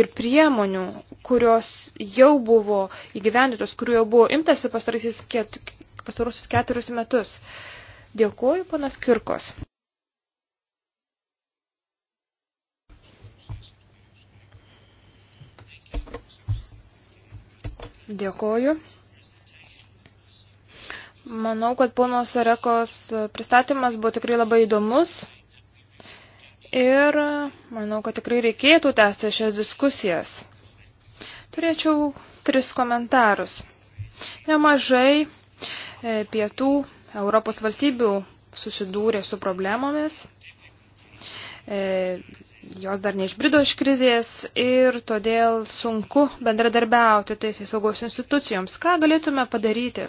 ir priemonių, kurios jau buvo įgyvendytos, kurių jau buvo imtasi pastaraisiais ket, pasarusius keturis metus. Dėkuoju, panas Kirkos. Dėkuoju. Manau, kad pono Sarekos pristatymas buvo tikrai labai įdomus ir manau, kad tikrai reikėtų tęsti šias diskusijas. Turėčiau tris komentarus. Nemažai E, pietų Europos valstybių susidūrė su problemomis. E, jos dar neišbrido iš krizės ir todėl sunku bendradarbiauti teisės saugos institucijoms. Ką galėtume padaryti?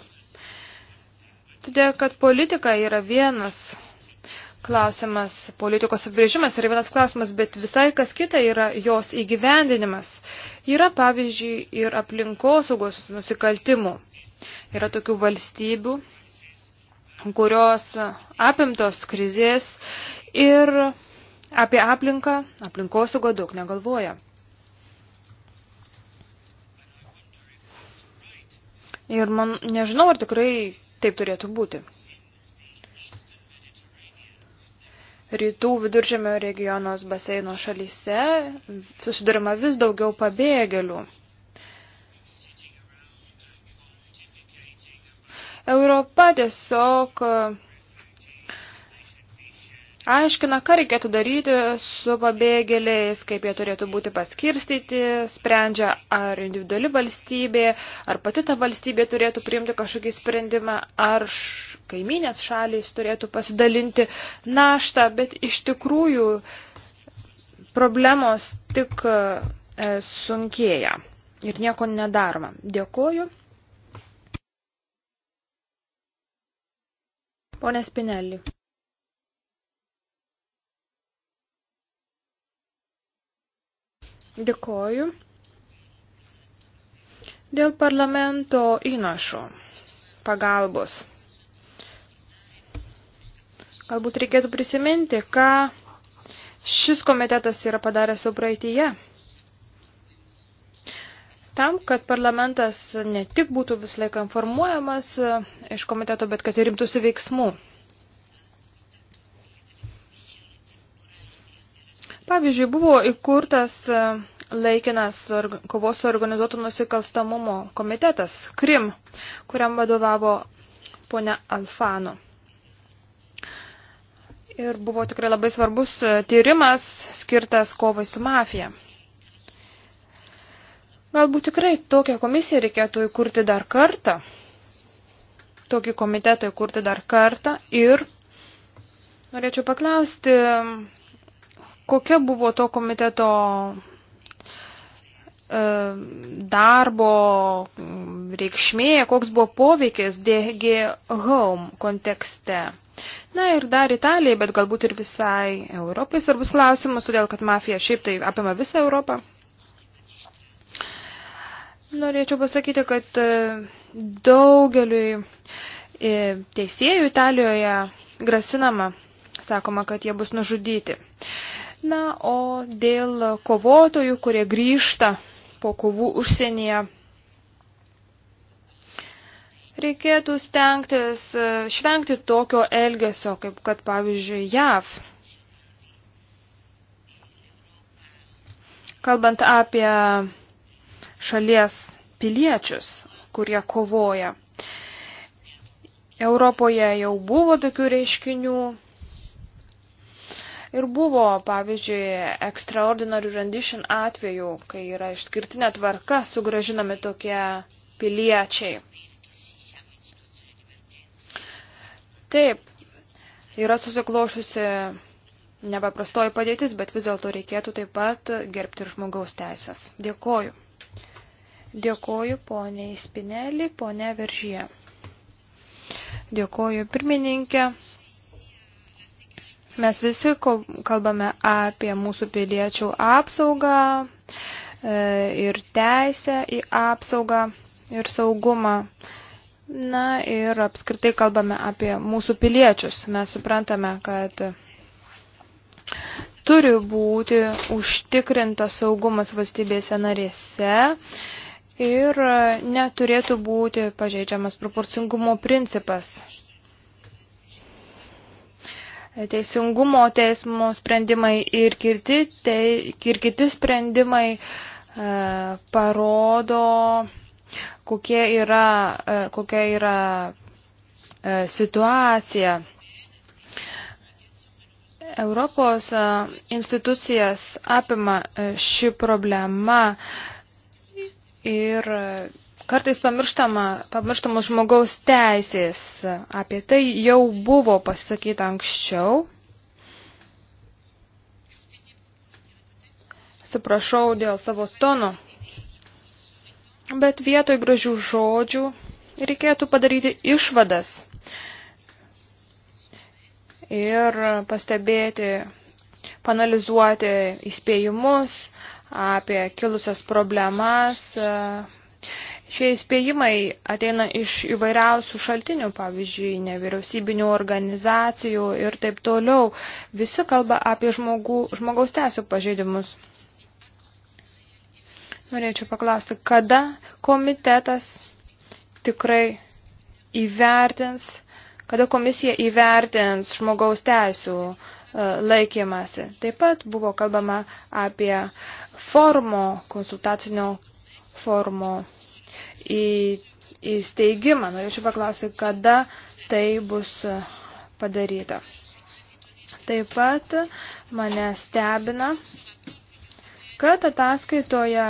Todėl, kad politika yra vienas klausimas, politikos apibrėžimas yra vienas klausimas, bet visai kas kita yra jos įgyvendinimas. Yra, pavyzdžiui, ir aplinkosaugos nusikaltimų. Yra tokių valstybių, kurios apimtos krizės ir apie aplinką, aplinkosaugą daug negalvoja. Ir man nežinau, ar tikrai taip turėtų būti. rytų viduržėmio regionos baseino šalyse susidurima vis daugiau pabėgėlių. kalba tiesiog e, aiškina, ką reikėtų daryti su pabėgėliais, kaip jie turėtų būti paskirstyti, sprendžia ar individuali valstybė, ar pati ta valstybė turėtų priimti kažkokį sprendimą, ar kaiminės šalys turėtų pasidalinti naštą, bet iš tikrųjų problemos tik e, sunkėja ir nieko nedaroma. Dėkoju. Pone Spinelli. Dėkoju. Dėl parlamento įnašo pagalbos. Galbūt reikėtų prisiminti, ką šis komitetas yra padaręs jau praeitįje tam, kad parlamentas ne tik būtų visą laiką informuojamas e, iš komiteto, bet kad ir rimtųsi veiksmų. Pavyzdžiui, buvo įkurtas e, laikinas kovos su organizuotų nusikalstamumo komitetas Krim, kuriam vadovavo ponia Alfano. Ir buvo tikrai labai svarbus e, tyrimas skirtas kovai su mafija. Galbūt tikrai tokią komisiją reikėtų įkurti dar kartą, tokį komitetą įkurti dar kartą ir norėčiau paklausti, kokia buvo to komiteto e, darbo reikšmė, koks buvo poveikis DG Home kontekste. Na ir dar Italijai, bet galbūt ir visai Europai svarbus klausimas, todėl kad mafija šiaip tai apima visą Europą. Norėčiau pasakyti, kad e, daugeliui e, teisėjų Italijoje grasinama, sakoma, kad jie bus nužudyti. Na, o dėl kovotojų, kurie grįžta po kovų užsienyje, reikėtų stengtis e, švengti tokio elgesio, kaip kad pavyzdžiui JAV. Kalbant apie šalies piliečius, kurie kovoja. Europoje jau buvo tokių reiškinių. Ir buvo, pavyzdžiui, extraordinary rendition atveju, kai yra išskirtinė tvarka sugražinami tokie piliečiai. Taip, yra susiklošusi nepaprastoji padėtis, bet vis dėlto reikėtų taip pat gerbti ir žmogaus teisės. Dėkoju. Dėkoju poniai Spinelį, ponia Veržyje. Dėkoju pirmininkė. Mes visi kalbame apie mūsų piliečių apsaugą e, ir teisę į apsaugą ir saugumą. Na ir apskritai kalbame apie mūsų piliečius. Mes suprantame, kad turi būti užtikrintas saugumas valstybėse narėse ir neturėtų būti pažeidžiamas proporcingumo principas. Teisingumo teismo sprendimai ir kiti, te, ir kiti sprendimai e, parodo, kokia yra, e, kokia yra e, situacija. Europos e, institucijas apima e, ši problema. E, ir kartais pamirštama, pamirštamos žmogaus teisės. Apie tai jau buvo pasakyta anksčiau. Atsiprašau dėl savo tono. Bet vietoj gražių žodžių reikėtų padaryti išvadas ir pastebėti, panalizuoti įspėjimus, apie kilusias problemas. Šie įspėjimai ateina iš įvairiausių šaltinių, pavyzdžiui, nevyriausybinių organizacijų ir taip toliau. Visi kalba apie žmogų, žmogaus teisų pažeidimus. Norėčiau paklausti, kada komitetas tikrai įvertins, kada komisija įvertins žmogaus teisų uh, laikymasi. Taip pat buvo kalbama apie formo, konsultacinio formo į, įsteigimą. Norėčiau paklausyti, kada tai bus padaryta. Taip pat mane stebina, kad ataskaitoje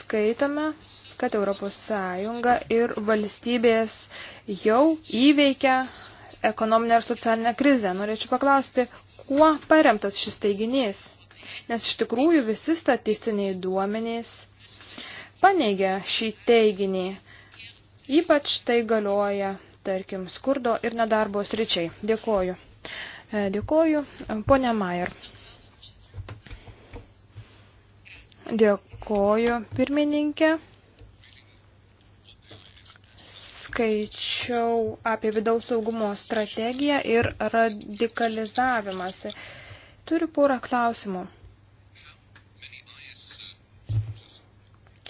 skaitome, kad Europos Sąjunga ir valstybės jau įveikia ekonominę ir socialinę krizę. Norėčiau paklausti, kuo paremtas šis teiginys? Nes iš tikrųjų visi statistiniai duomenys paneigia šį teiginį. Ypač tai galioja, tarkim, skurdo ir nedarbo sričiai. Dėkoju. E, dėkoju, e, ponia Majer. Dėkoju, pirmininkė skaičiau apie vidaus saugumo strategiją ir radikalizavimąsi. Turiu porą klausimų.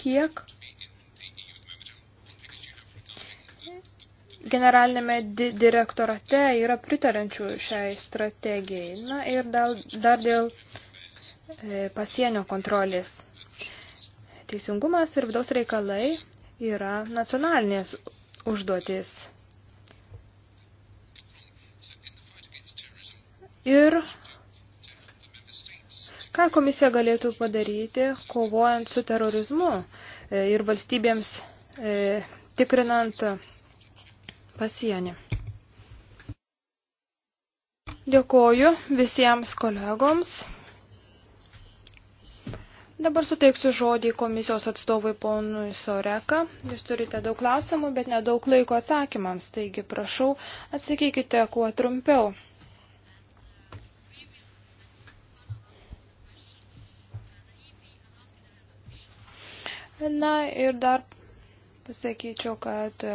Kiek generalinėme di direktorate yra pritarančių šiai strategijai. Na ir dal, dar dėl e, pasienio kontrolės. Teisingumas ir vidaus reikalai yra nacionalinės užduotis. Ir ką komisija galėtų padaryti, kovojant su terorizmu e, ir valstybėms e, tikrinant pasienį. Dėkoju visiems kolegoms. Dabar suteiksiu žodį komisijos atstovui ponui Soreka. Jūs turite daug klausimų, bet nedaug laiko atsakymams, taigi prašau, atsakykite kuo trumpiau. Na ir dar pasakyčiau, kad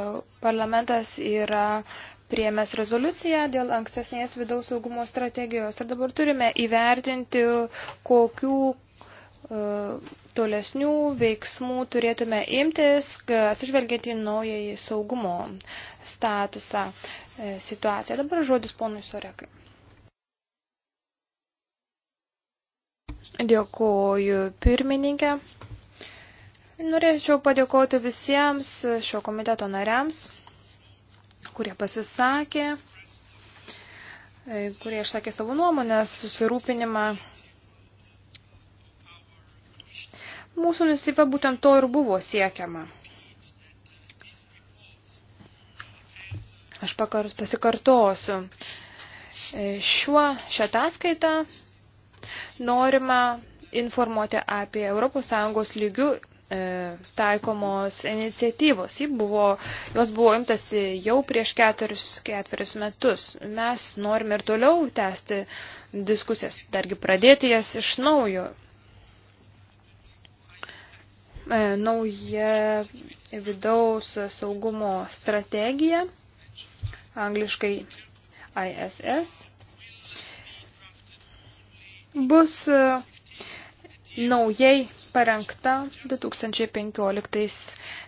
parlamentas yra priemęs rezoliuciją dėl ankstesnės vidaus saugumo strategijos. Ir dabar turime įvertinti, kokių tolesnių veiksmų turėtume imtis, atsižvelgiant į naująjį saugumo statusą e, situaciją. Dabar žodis ponui Sorekai. Dėkuoju pirmininkė. Norėčiau padėkoti visiems šio komiteto nariams, kurie pasisakė, e, kurie išsakė savo nuomonę, susirūpinimą Mūsų iniciatyva būtent to ir buvo siekiama. Aš pakart, pasikartosiu. E, šiuo šią ataskaitą norima informuoti apie ES lygių e, taikomos iniciatyvos. Ji buvo, jos buvo imtasi jau prieš keturis, keturis metus. Mes norime ir toliau tęsti diskusijas, dargi pradėti jas iš naujo. E, naują vidaus saugumo strategiją, angliškai ISS, bus e, naujai parengta 2015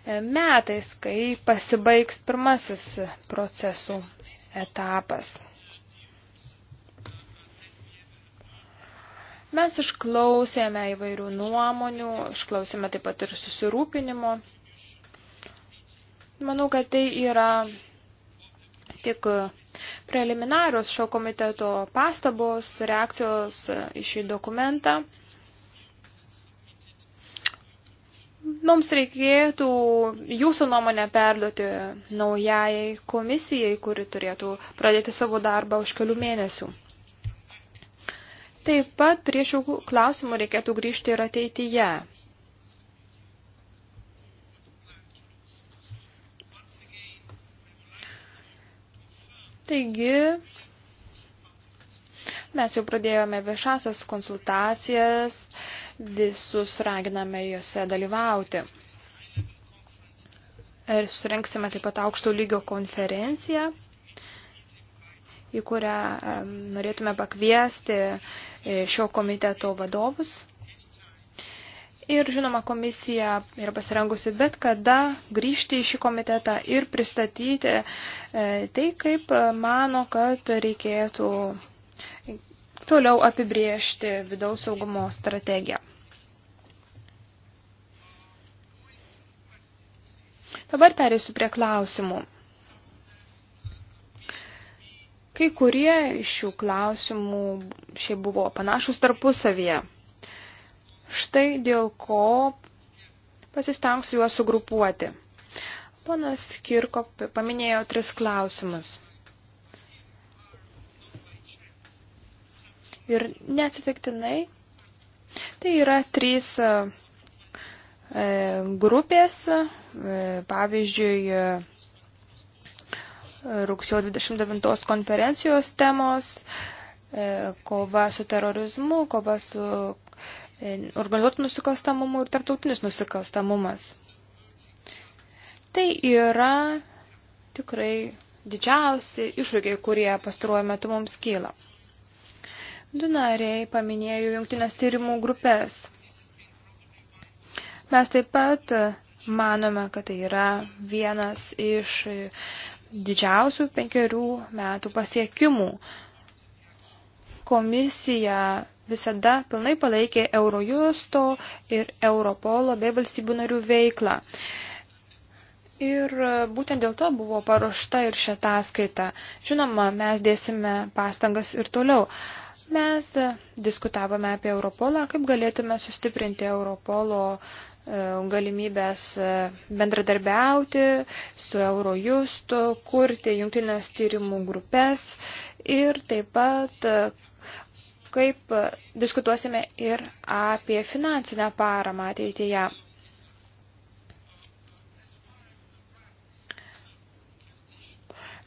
e, metais, kai pasibaigs pirmasis procesų etapas. Mes išklausėme įvairių nuomonių, išklausėme taip pat ir susirūpinimo. Manau, kad tai yra tik preliminarios šio komiteto pastabos, reakcijos į šį dokumentą. Mums reikėtų jūsų nuomonę perduoti naujajai komisijai, kuri turėtų pradėti savo darbą už kelių mėnesių. Taip pat prie šių klausimų reikėtų grįžti ir ateityje. Taigi, mes jau pradėjome viešasias konsultacijas, visus raginame juose dalyvauti. Ir surenksime taip pat aukšto lygio konferenciją į kurią norėtume pakviesti e, šio komiteto vadovus. Ir žinoma, komisija yra pasirengusi bet kada grįžti į šį komitetą ir pristatyti e, tai, kaip mano, kad reikėtų toliau apibriežti vidaus saugumo strategiją. Dabar perėsiu prie klausimų. Kai kurie iš šių klausimų šiaip buvo panašus tarpusavyje. Štai dėl ko pasistengsiu juos sugrupuoti. Ponas Kirko paminėjo tris klausimus. Ir neatsitiktinai, tai yra trys e, grupės, e, pavyzdžiui, rugsėjo 29 konferencijos temos, e, kova su terorizmu, kova su e, organizuotų nusikalstamumu ir tarptautinis nusikalstamumas. Tai yra tikrai didžiausi iššūkiai, kurie pastaruoju metu mums kyla. Du nariai paminėjo jungtinės tyrimų grupės. Mes taip pat manome, kad tai yra vienas iš didžiausių penkerių metų pasiekimų. Komisija visada pilnai palaikė Eurojusto ir Europolo bei valstybių narių veiklą. Ir e, būtent dėl to buvo paruošta ir šią ataskaitą. Žinoma, mes dėsime pastangas ir toliau. Mes e, diskutavome apie Europolą, kaip galėtume sustiprinti Europolo e, galimybės bendradarbiauti su Eurojustu, kurti jungtinės tyrimų grupės ir taip pat kaip diskutuosime ir apie finansinę paramą ateityje.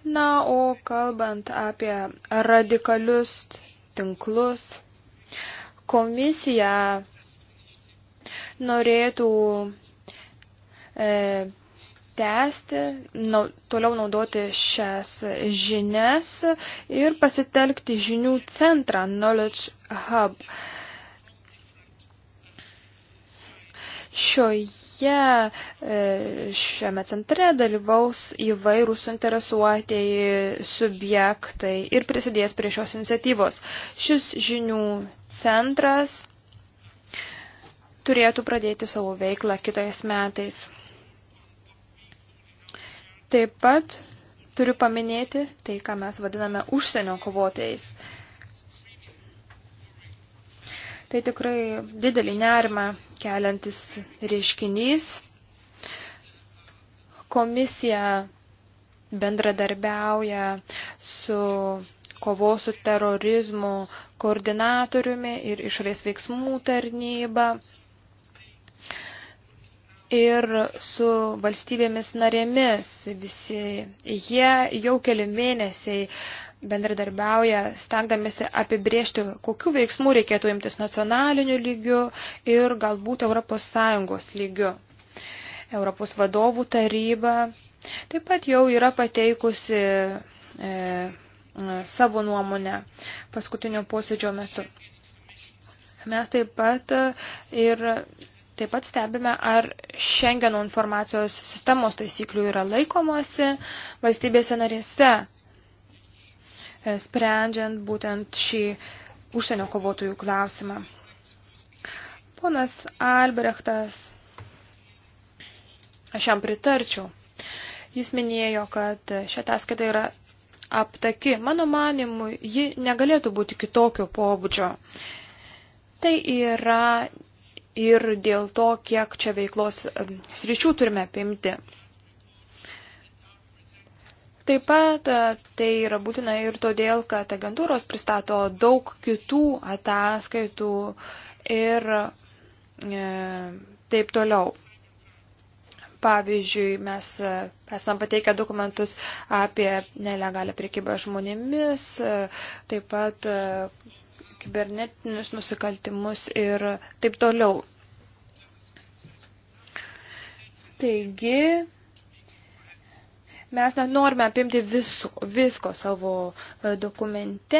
Na, o kalbant apie radikalius tinklus, komisija norėtų e, tęsti, na, toliau naudoti šias žinias ir pasitelkti žinių centrą Knowledge Hub. Šioje kurioje e, šiame centre dalyvaus įvairūs suinteresuotieji subjektai ir prisidės prie šios iniciatyvos. Šis žinių centras turėtų pradėti savo veiklą kitais metais. Taip pat turiu paminėti tai, ką mes vadiname užsienio kovotojais. Tai tikrai didelį nerimą keliantis reiškinys. Komisija bendradarbiauja su kovos su terorizmu koordinatoriumi ir išorės veiksmų tarnyba ir su valstybėmis narėmis. Visi jie jau keli mėnesiai bendradarbiauja, stengdamėsi apibriežti, kokiu veiksmu reikėtų imtis nacionaliniu lygiu ir galbūt ES lygiu. Europos vadovų taryba taip pat jau yra pateikusi e, e, savo nuomonę paskutinio posėdžio metu. Mes taip pat e, ir Taip pat stebime, ar Schengeno informacijos sistemos taisyklių yra laikomasi valstybėse narėse sprendžiant būtent šį užsienio kovotojų klausimą. Ponas Albrechtas, aš jam pritarčiau, jis minėjo, kad šią ataskaitą yra aptaki. Mano manimu, ji negalėtų būti kitokio pobūdžio. Tai yra ir dėl to, kiek čia veiklos sričių turime apimti. Taip pat e, tai yra būtina ir todėl, kad agentūros pristato daug kitų ataskaitų ir e, taip toliau. Pavyzdžiui, mes e, esam pateikę dokumentus apie nelegalią priekybą žmonėmis, e, taip pat kibernetinius nusikaltimus ir taip toliau. Taigi, Mes norime apimti visu, visko savo e, dokumente.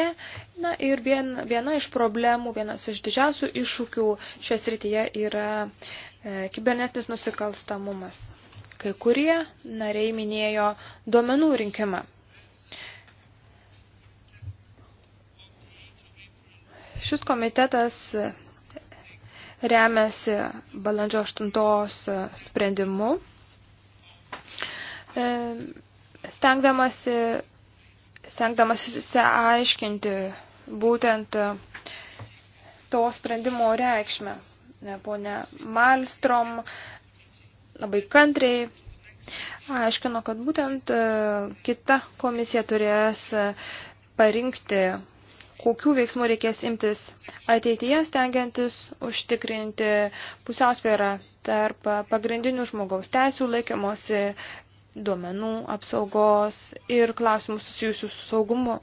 Na ir vien, viena iš problemų, vienas iš didžiausių iššūkių šioje srityje yra e, kibernetinis nusikalstamumas. Kai kurie nariai minėjo duomenų rinkimą. Šis komitetas remiasi balandžio 8 sprendimu. E, stengdamasi, stengdamasi seaiškinti būtent to sprendimo reikšmę. Pone Malstrom labai kantriai aiškino, kad būtent e, kita komisija turės e, parinkti, kokių veiksmų reikės imtis ateityje, stengiantis užtikrinti pusiausvėrą tarp pagrindinių žmogaus teisų laikymosi duomenų apsaugos ir klausimų susijusių su saugumu.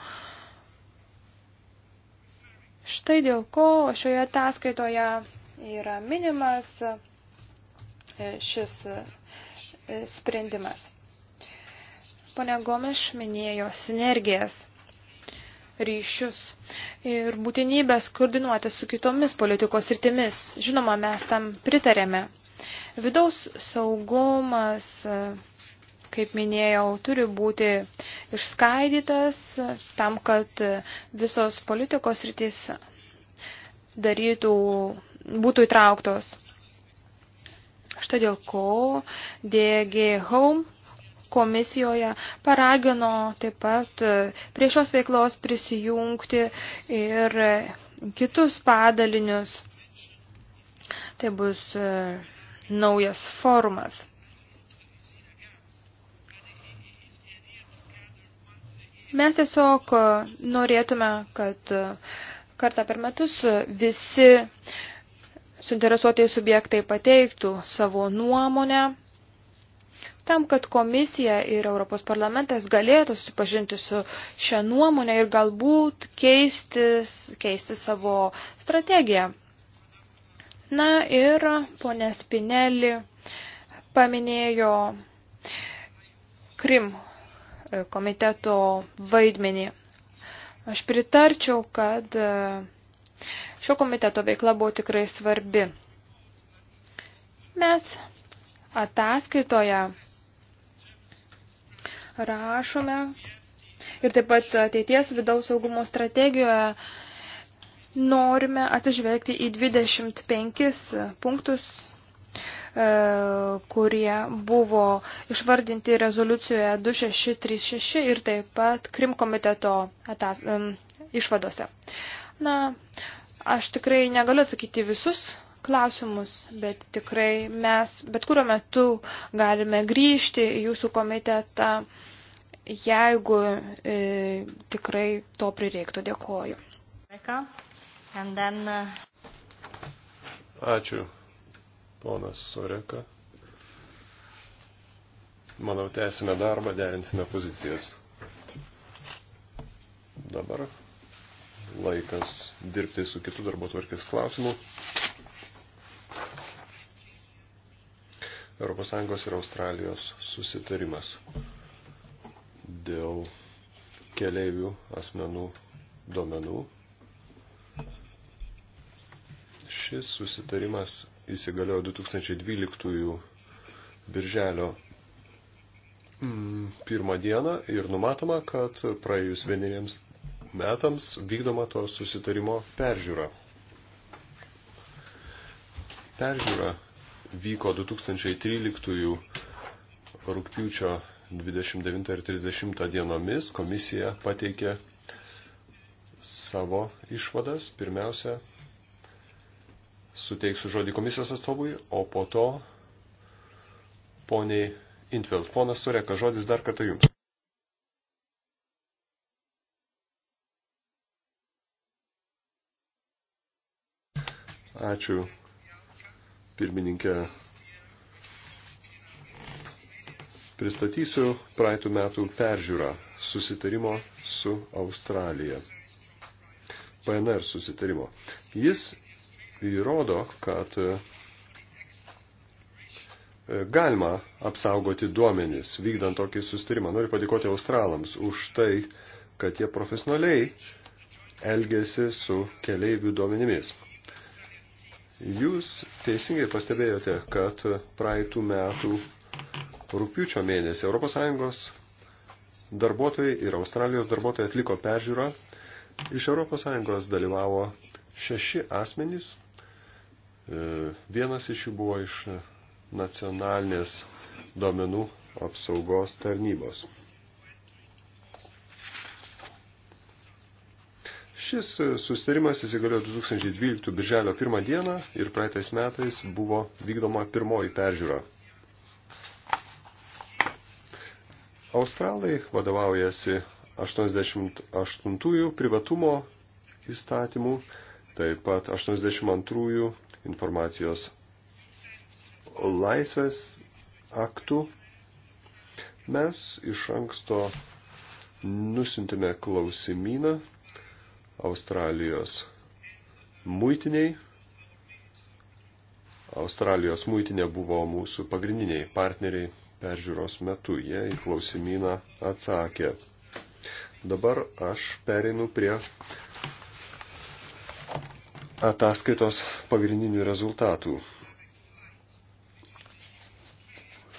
Štai dėl ko šioje ataskaitoje yra minimas e, šis e, sprendimas. Pone Gomeš minėjo sinergijas, ryšius ir būtinybės koordinuoti su kitomis politikos rytimis. Žinoma, mes tam pritarėme. Vidaus saugumas, e, kaip minėjau, turi būti išskaidytas tam, kad visos politikos rytis darytų, būtų įtrauktos. Štai dėl ko DG Home komisijoje paragino taip pat prie šios veiklos prisijungti ir kitus padalinius. Tai bus e, naujas formas. Mes tiesiog e, norėtume, kad e, kartą per metus visi suinteresuotai subjektai pateiktų savo nuomonę tam, kad komisija ir Europos parlamentas galėtų susipažinti su šią nuomonę ir galbūt keistis, keisti savo strategiją. Na ir ponė Spinelli paminėjo Krim komiteto vaidmenį. Aš pritarčiau, kad e, šio komiteto veikla buvo tikrai svarbi. Mes ataskaitoje rašome ir taip pat ateities vidaus saugumo strategijoje norime atsižvelgti į 25 punktus E, kurie buvo išvardinti rezoliucijoje 2636 ir taip pat Krim komiteto atas, e, išvadose. Na, aš tikrai negaliu atsakyti visus klausimus, bet tikrai mes bet kuriuo metu galime grįžti į jūsų komitetą, jeigu e, tikrai to prireiktų. Dėkoju. Uh, Ačiū ponas Soreka. Manau, tęsime darbą, derinsime pozicijas. Dabar laikas dirbti su kitu darbo tvarkės klausimu. ES ir Australijos susitarimas dėl keleivių asmenų duomenų. Šis susitarimas įsigaliojo 2012 birželio mm, pirmą dieną ir numatoma, kad praėjus vieneriems metams vykdoma to susitarimo peržiūra. Peržiūra vyko 2013 rūpiučio 29 ir 30 dienomis. Komisija pateikė savo išvadas. Pirmiausia, suteiksiu žodį komisijos atstovui, o po to poniai Intveld. Ponas Sureka, žodis dar kartą jums. Ačiū, pirmininkė. Pristatysiu praeitų metų peržiūrą susitarimo su Australija. PNR susitarimo. Jis įrodo, kad e, galima apsaugoti duomenis, vykdant tokį sustarimą. Noriu padėkoti australams už tai, kad jie profesionaliai elgėsi su keleivių duomenimis. Jūs teisingai pastebėjote, kad praeitų metų rūpiučio mėnesį ES darbuotojai ir Australijos darbuotojai atliko peržiūrą. Iš ES dalyvavo šeši asmenys E, vienas iš jų buvo iš nacionalinės duomenų apsaugos tarnybos. Šis susitarimas įsigaliojo 2012 birželio 1 dieną ir praeitais metais buvo vykdoma pirmoji peržiūra. Australai vadovaujasi 88 privatumo įstatymų, taip pat 82 informacijos laisvės aktų mes iš anksto nusintėme klausimyną Australijos muitiniai. Australijos muitinė buvo mūsų pagrindiniai partneriai peržiūros metu. Jie į klausimyną atsakė. Dabar aš pereinu prie ataskaitos pagrindinių rezultatų.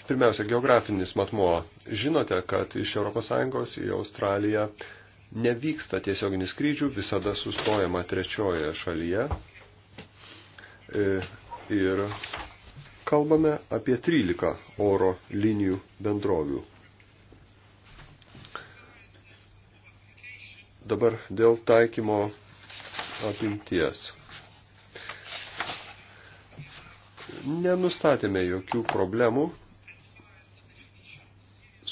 Pirmiausia, geografinis matmo. Žinote, kad iš ES į Australiją nevyksta tiesioginis skrydžių, visada sustojama trečioje šalyje. E, ir kalbame apie 13 oro linijų bendrovių. Dabar dėl taikymo apimties. Nenustatėme jokių problemų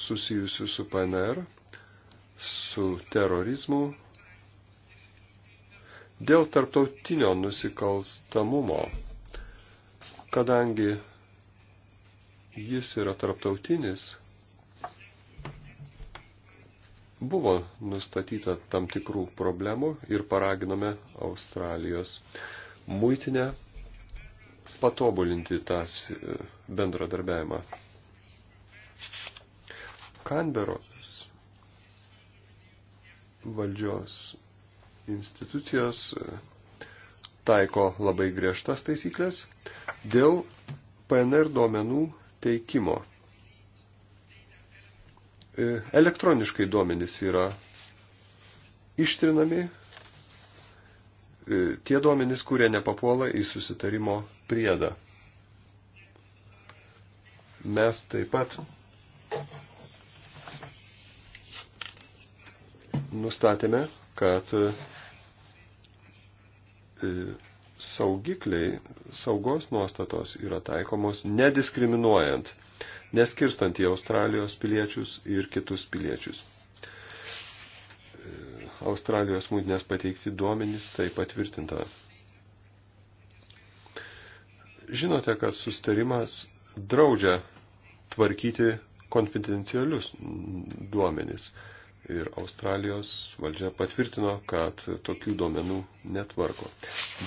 susijusių su PNR, su terorizmu, dėl tarptautinio nusikalstamumo, kadangi jis yra tarptautinis, buvo nustatyta tam tikrų problemų ir paraginome Australijos muitinę patobulinti tą bendradarbiavimą. Kanberos valdžios institucijos e, taiko labai griežtas taisyklės dėl PNR duomenų teikimo. E, elektroniškai duomenys yra ištrinami E, tie duomenys, kurie nepapuola į susitarimo priedą. Mes taip pat nustatėme, kad e, saugikliai, saugos nuostatos yra taikomos nediskriminuojant, neskirstant į Australijos piliečius ir kitus piliečius. Australijos mūdinės pateikti duomenys tai patvirtinta. Žinote, kad sustarimas draudžia tvarkyti konfidencialius duomenys. Ir Australijos valdžia patvirtino, kad tokių duomenų netvarko.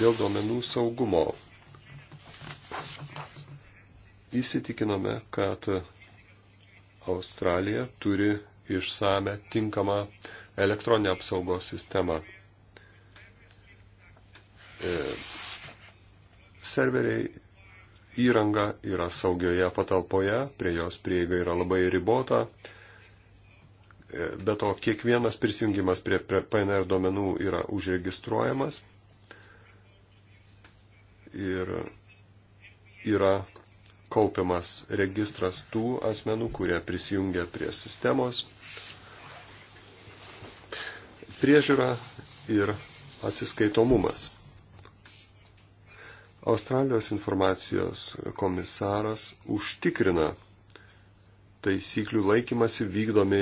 Dėl duomenų saugumo įsitikinome, kad Australija turi išsame tinkamą uh, elektroninę apsaugos sistemą. E, serveriai įranga yra saugioje patalpoje, prie jos prieiga yra labai ribota. E, be to, kiekvienas prisijungimas prie PNR duomenų yra užregistruojamas ir yra kaupiamas registras tų asmenų, kurie prisijungia prie sistemos priežiūra ir atsiskaitomumas. Australijos informacijos komisaras užtikrina taisyklių laikymasi vykdomi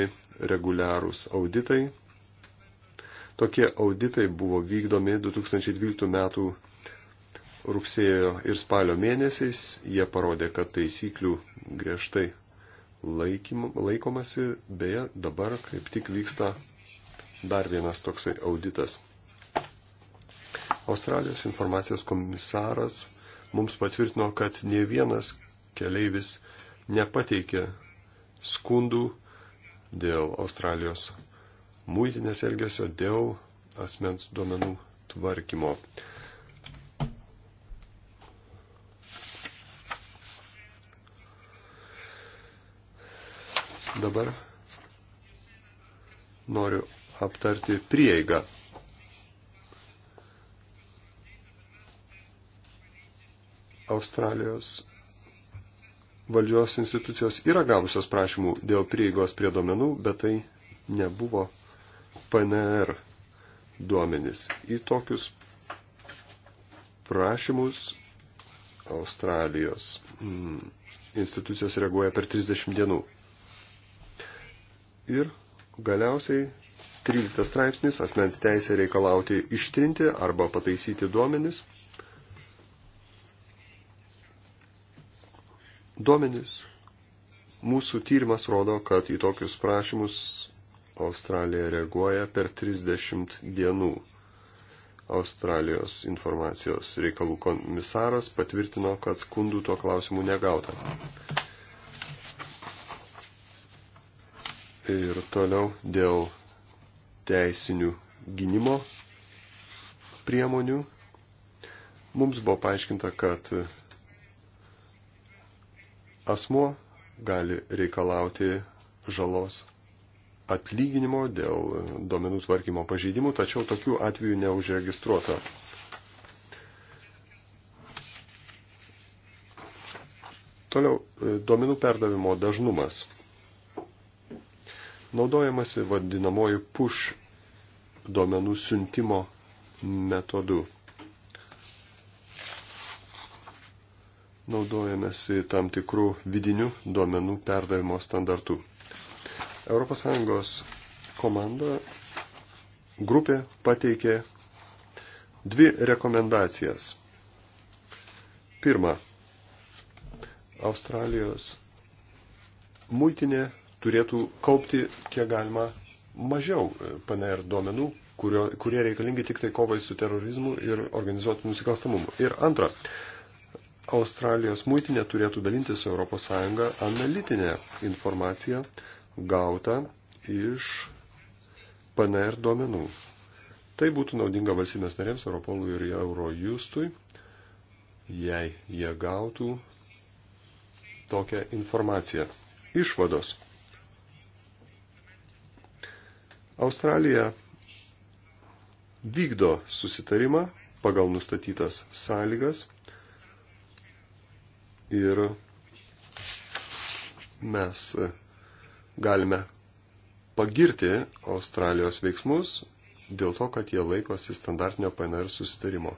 reguliarūs auditai. Tokie auditai buvo vykdomi 2012 m. rugsėjo ir spalio mėnesiais. Jie parodė, kad taisyklių griežtai laikym, laikomasi, beje, dabar kaip tik vyksta dar vienas toksai auditas. Australijos informacijos komisaras mums patvirtino, kad ne vienas keleivis nepateikė skundų dėl Australijos muitinės elgesio, dėl asmens duomenų tvarkymo. Dabar noriu aptarti prieigą. Australijos valdžios institucijos yra gavusios prašymų dėl prieigos prie domenų, bet tai nebuvo PNR duomenys. Į tokius prašymus Australijos mm, institucijos reaguoja per 30 dienų. Ir galiausiai 13 straipsnis – asmens teisė reikalauti ištrinti arba pataisyti duomenis. Duomenis. Mūsų tyrimas rodo, kad į tokius prašymus Australija reaguoja per 30 dienų. Australijos informacijos reikalų komisaras patvirtino, kad skundų tuo klausimu negauta. Ir toliau dėl teisinių gynimo priemonių. Mums buvo paaiškinta, kad asmo gali reikalauti žalos atlyginimo dėl duomenų tvarkymo pažeidimų, tačiau tokių atvejų neužregistruota. Toliau e, duomenų perdavimo dažnumas naudojamasi vadinamoji push duomenų siuntimo metodu. Naudojamasi tam tikrų vidinių duomenų perdavimo standartų. ES komanda grupė pateikė dvi rekomendacijas. Pirma, Australijos muitinė turėtų kaupti kiek galima mažiau e, PNR duomenų, kurio, kurie reikalingi tik tai kovai su terorizmu ir organizuotų nusikalstamumu. Ir antra, Australijos muitinė turėtų dalintis su ES analitinę informaciją gautą iš PNR duomenų. Tai būtų naudinga valstybės narėms, Europolui ir Eurojustui, jei jie gautų tokią informaciją. Išvados. Australija vykdo susitarimą pagal nustatytas sąlygas ir mes e, galime pagirti Australijos veiksmus dėl to, kad jie laikosi standartinio PNR susitarimo.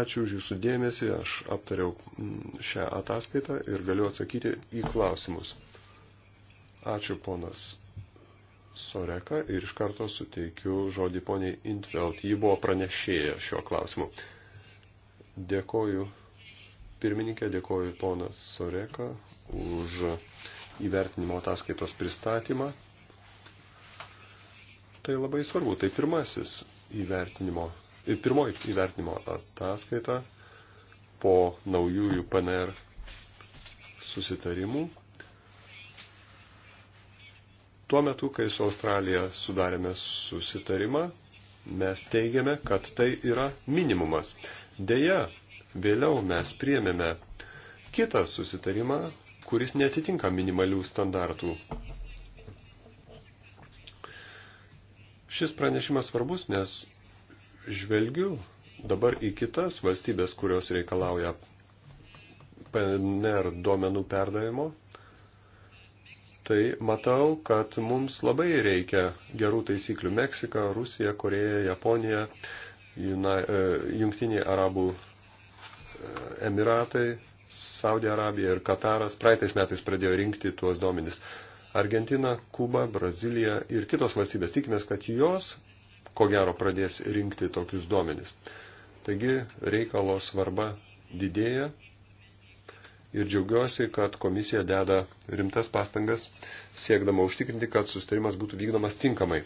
Ačiū už Jūsų dėmesį, aš aptariau mm, šią ataskaitą ir galiu atsakyti į klausimus. Ačiū ponas Soreka ir iš karto suteikiu žodį poniai Intvelt. Ji buvo pranešėja šiuo klausimu. Dėkoju pirmininkė, dėkoju ponas Soreka už įvertinimo ataskaitos pristatymą. Tai labai svarbu. Tai pirmasis įvertinimo, e, pirmoji įvertinimo ataskaita po naujųjų PNR susitarimų Tuo metu, kai su Australija sudarėme susitarimą, mes teigiame, kad tai yra minimumas. Deja, vėliau mes priemėme kitą susitarimą, kuris netitinka minimalių standartų. Šis pranešimas svarbus, nes žvelgiu dabar į kitas valstybės, kurios reikalauja PNR duomenų perdavimo tai matau, kad mums labai reikia gerų taisyklių. Meksika, Rusija, Koreja, Japonija, e, Jungtiniai Arabų e, Emiratai, Saudė Arabija ir Kataras praeitais metais pradėjo rinkti tuos duomenis. Argentina, Kuba, Brazilija ir kitos valstybės. Tikimės, kad jos, ko gero, pradės rinkti tokius duomenis. Taigi reikalo svarba didėja ir džiaugiuosi, kad komisija deda rimtas pastangas, siekdama užtikrinti, kad sustarimas būtų vykdomas tinkamai.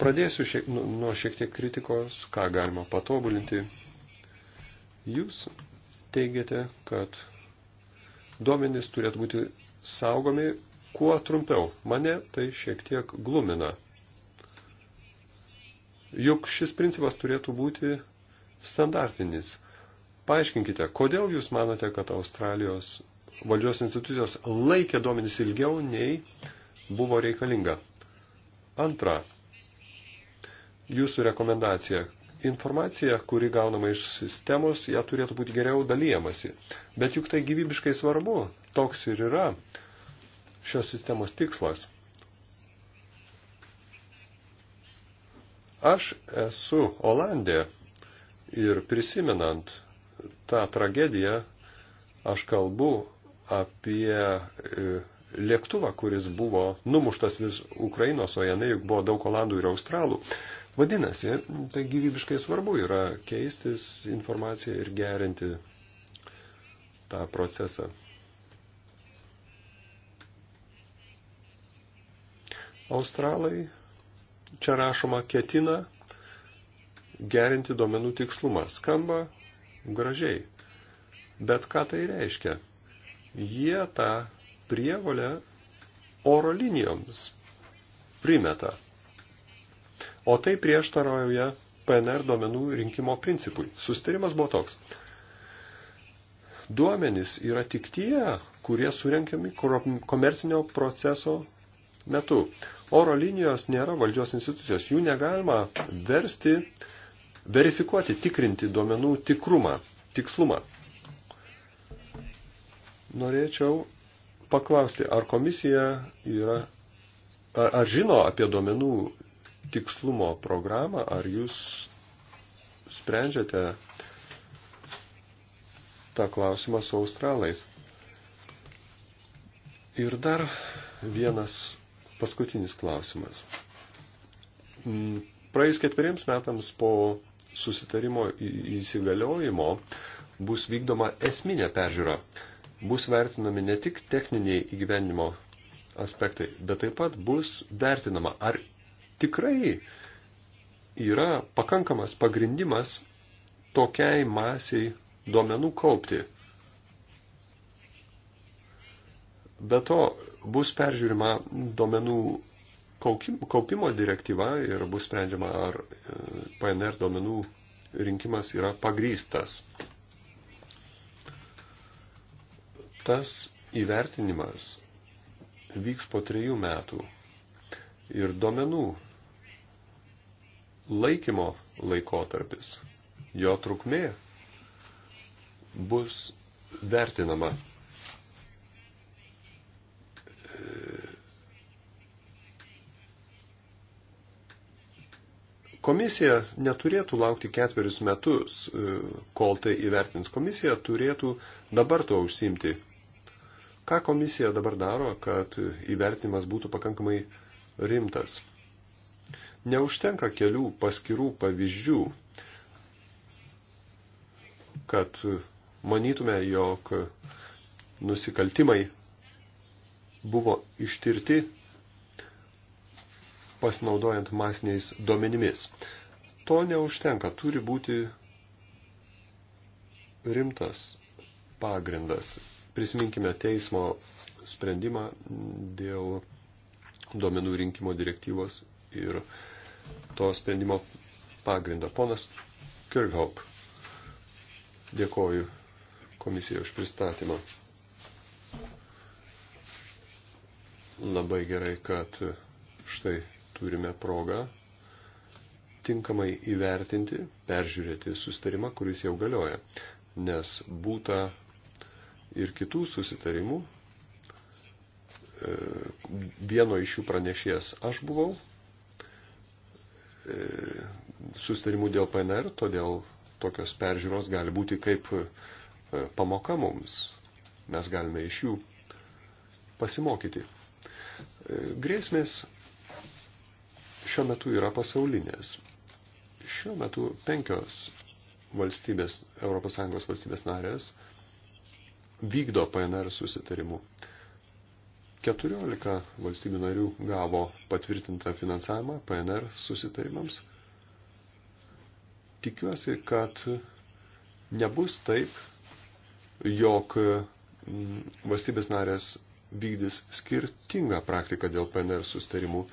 Pradėsiu šiek, nu, nuo šiek tiek kritikos, ką galima patobulinti. Jūs teigiate, kad duomenys turėtų būti saugomi kuo trumpiau. Mane tai šiek tiek glumina. Juk šis principas turėtų būti standartinis – Paaiškinkite, kodėl jūs manote, kad Australijos valdžios institucijos laikė duomenys ilgiau nei buvo reikalinga? Antra, jūsų rekomendacija. Informacija, kuri gaunama iš sistemos, ją turėtų būti geriau dalyjamasi. Bet juk tai gyvybiškai svarbu. Toks ir yra šios sistemos tikslas. Aš esu Olandė ir prisimenant tą tragediją aš kalbu apie e, lėktuvą, kuris buvo numuštas vis Ukrainos, o jame juk buvo daug olandų ir australų. Vadinasi, tai gyvybiškai svarbu yra keistis informaciją ir gerinti tą procesą. Australai, čia rašoma, ketina gerinti duomenų tikslumą. Skamba gražiai. Bet ką tai reiškia? Jie tą prievolę oro linijoms primeta. O tai prieštarauja PNR duomenų rinkimo principui. Sustarimas buvo toks. Duomenys yra tik tie, kurie surenkiami komercinio proceso metu. Oro linijos nėra valdžios institucijos, jų negalima versti uh, verifikuoti, tikrinti duomenų tikrumą, tikslumą. Norėčiau paklausti, ar komisija yra, ar, ar žino apie duomenų tikslumo programą, ar jūs sprendžiate tą klausimą su australais. Ir dar vienas paskutinis klausimas. Mm, praėjus ketveriems metams po susitarimo įsigaliojimo bus vykdoma esminė peržiūra. Bus vertinami ne tik techniniai įgyvenimo aspektai, bet taip pat bus vertinama, ar tikrai yra pakankamas pagrindimas tokiai masiai duomenų kaupti. Be to bus peržiūrima duomenų kaupimo direktyva ir bus sprendžiama, ar e, PNR duomenų rinkimas yra pagrystas. Tas įvertinimas vyks po trejų metų ir duomenų laikymo laikotarpis, jo trukmė bus vertinama Komisija neturėtų laukti ketverius metus, e, kol tai įvertins. Komisija turėtų dabar tuo užsimti. Ką komisija dabar daro, kad įvertinimas būtų pakankamai rimtas? Neužtenka kelių paskirų pavyzdžių, kad manytume, jog nusikaltimai buvo ištirti pasinaudojant masiniais duomenimis. To neužtenka, turi būti rimtas pagrindas. Prisiminkime teismo sprendimą dėl duomenų rinkimo direktyvos ir to sprendimo pagrindą. Ponas Kirkhope, dėkoju komisijai už pristatymą. Labai gerai, kad štai turime progą tinkamai įvertinti, peržiūrėti sustarimą, kuris jau galioja, nes būta ir kitų susitarimų. E, vieno iš jų pranešėjas aš buvau, e, sustarimų dėl PNR, todėl tokios peržiūros gali būti kaip e, pamoka mums. Mes galime iš jų pasimokyti. Grėsmės šiuo metu yra pasaulinės. Šiuo metu penkios valstybės, ES valstybės narės vykdo PNR susitarimu. 14 valstybių narių gavo patvirtintą finansavimą PNR susitarimams. Tikiuosi, kad nebus taip, jog mm, valstybės narės vykdys skirtingą praktiką dėl PNR susitarimų.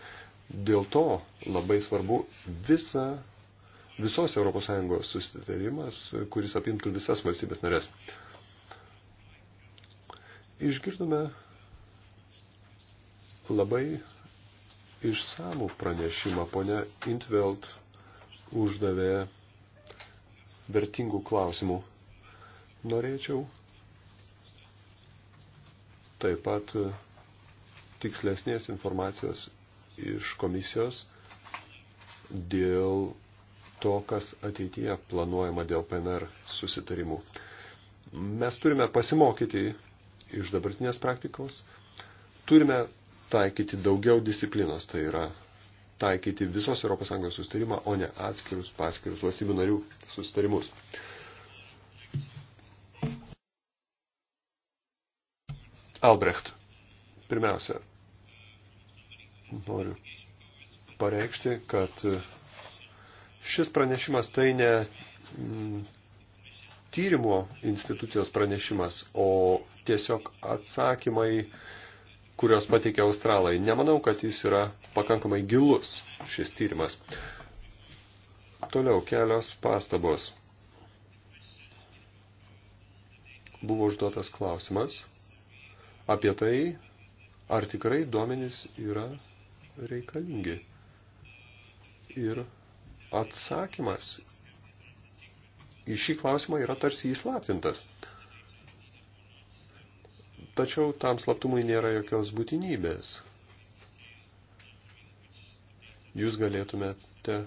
Dėl to labai svarbu visa, visos ES susitarimas, kuris apimtų visas valstybės narės. Išgirdome labai išsamų pranešimą. Pone Intveld uždavė vertingų klausimų. Norėčiau taip pat tikslesnės informacijos iš komisijos dėl to, kas ateityje planuojama dėl PNR susitarimų. Mes turime pasimokyti iš dabartinės praktikos, turime taikyti daugiau disciplinos, tai yra taikyti visos ES sustarimą, o ne atskirus paskirus valstybių narių sustarimus. Albrecht. Pirmiausia, noriu pareikšti, kad šis pranešimas tai ne mm, tyrimo institucijos pranešimas, o tiesiog atsakymai, kurios pateikia Australai. Nemanau, kad jis yra pakankamai gilus šis tyrimas. Toliau kelios pastabos. Buvo užduotas klausimas apie tai, ar tikrai duomenys yra reikalingi. Ir atsakymas į šį klausimą yra tarsi įslaptintas. Tačiau tam slaptumui nėra jokios būtinybės. Jūs galėtumėte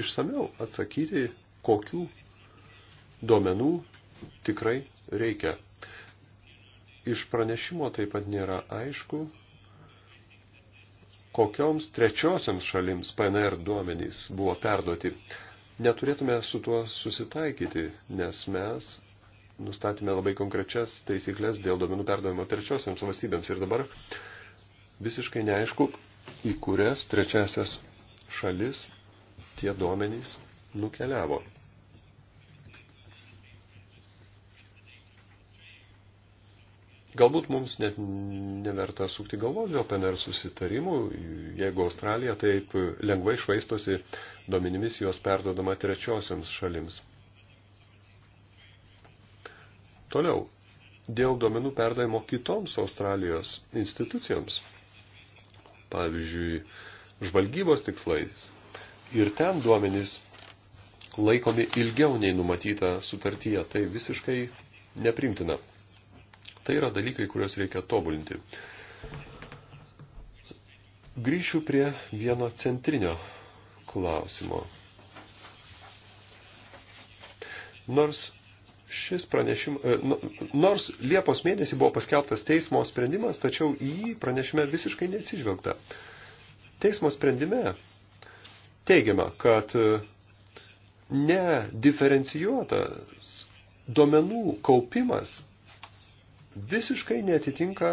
išsameu atsakyti, kokių duomenų tikrai reikia. Iš pranešimo taip pat nėra aišku, kokioms trečiosiams šalims PNR duomenys buvo perduoti. Neturėtume su tuo susitaikyti, nes mes nustatėme labai konkrečias taisyklės dėl duomenų perdavimo trečiosiams valstybėms ir dabar visiškai neaišku, į kurias trečiasias šalis tie duomenys nukeliavo. Galbūt mums net neverta sukti galvos dėl PNR susitarimų, jeigu Australija taip lengvai švaistosi duomenimis jos perdodama trečiosiams šalims. Toliau, dėl duomenų perdavimo kitoms Australijos institucijoms, pavyzdžiui, žvalgybos tikslais, ir ten duomenys laikomi ilgiau nei numatyta sutartyje, tai visiškai neprimtina. Tai yra dalykai, kuriuos reikia tobulinti. Grįšiu prie vieno centrinio klausimo. Nors šis pranešimas, e, nors Liepos mėnesį buvo paskelbtas teismo sprendimas, tačiau į jį pranešime visiškai neatsižvelgta. Teismo sprendime teigiama, kad e, nediferencijuotas duomenų kaupimas visiškai netitinka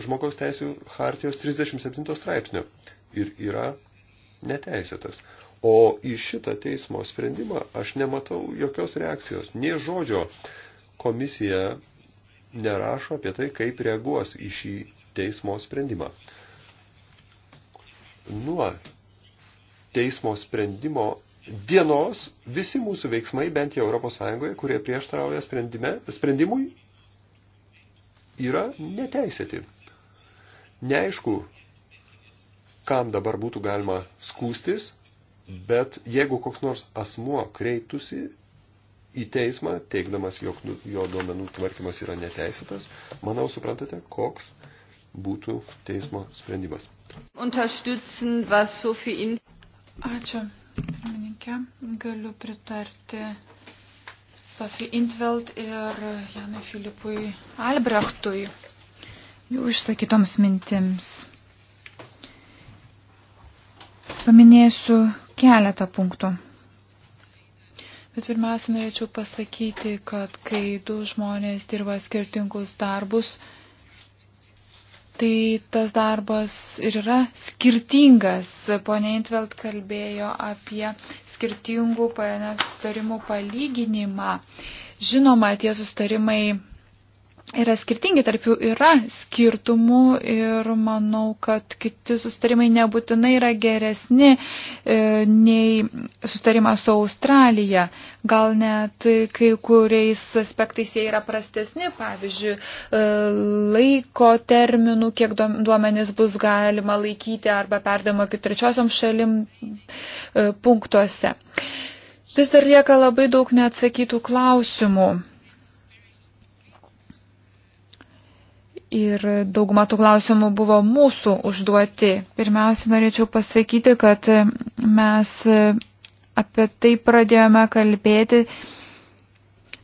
žmogaus teisų hartijos 37 straipsnio ir yra neteisėtas. O į šitą teismo sprendimą aš nematau jokios reakcijos, nie žodžio komisija nerašo apie tai, kaip reaguos į šį teismo sprendimą. Nuo teismo sprendimo dienos visi mūsų veiksmai, bent jau ES, kurie prieštrauja sprendimui, yra neteisėti. Neaišku, kam dabar būtų galima skūstis, bet jeigu koks nors asmuo kreiptųsi į teismą, teikdamas, jog nu, jo duomenų tvarkymas yra neteisėtas, manau, suprantate, koks būtų teismo sprendimas. Ačiū, pirmininkė. Galiu pritarti Sofie Intveld ir Janui Filipui Albrechtui jų išsakytoms mintims. Paminėsiu keletą punktų. Bet pirmiausia, norėčiau pasakyti, kad kai du žmonės dirba skirtingus darbus, tai tas darbas ir yra skirtingas. Pone Intveld kalbėjo apie skirtingų PNR sustarimų palyginimą. Žinoma, tie sustarimai yra skirtingi, tarp jų yra skirtumų ir manau, kad kiti sustarimai nebūtinai yra geresni e, nei sustarimas su Australija. Gal net kai kuriais aspektais jie yra prastesni, pavyzdžiui, e, laiko terminų, kiek duomenys bus galima laikyti arba perdama kitų trečiosiom šalim e, punktuose. Vis dar lieka labai daug neatsakytų klausimų Ir dauguma tų klausimų buvo mūsų užduoti. Pirmiausia, norėčiau pasakyti, kad mes apie tai pradėjome kalbėti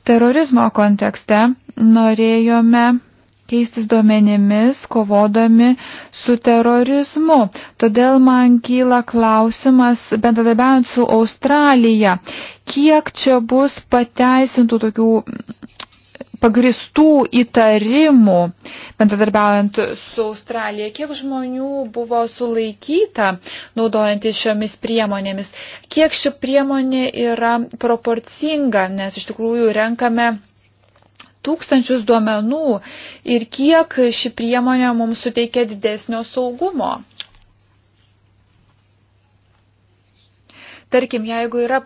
terorizmo kontekste. Norėjome keistis duomenimis, kovodami su terorizmu. Todėl man kyla klausimas, bendradarbiaujant su Australija, kiek čia bus pateisintų tokių pagristų įtarimų, bendradarbiaujant su Australija, kiek žmonių buvo sulaikyta naudojantis šiomis priemonėmis, kiek ši priemonė yra proporcinga, nes iš tikrųjų renkame tūkstančius duomenų ir kiek ši priemonė mums suteikia didesnio saugumo. Tarkim, jeigu yra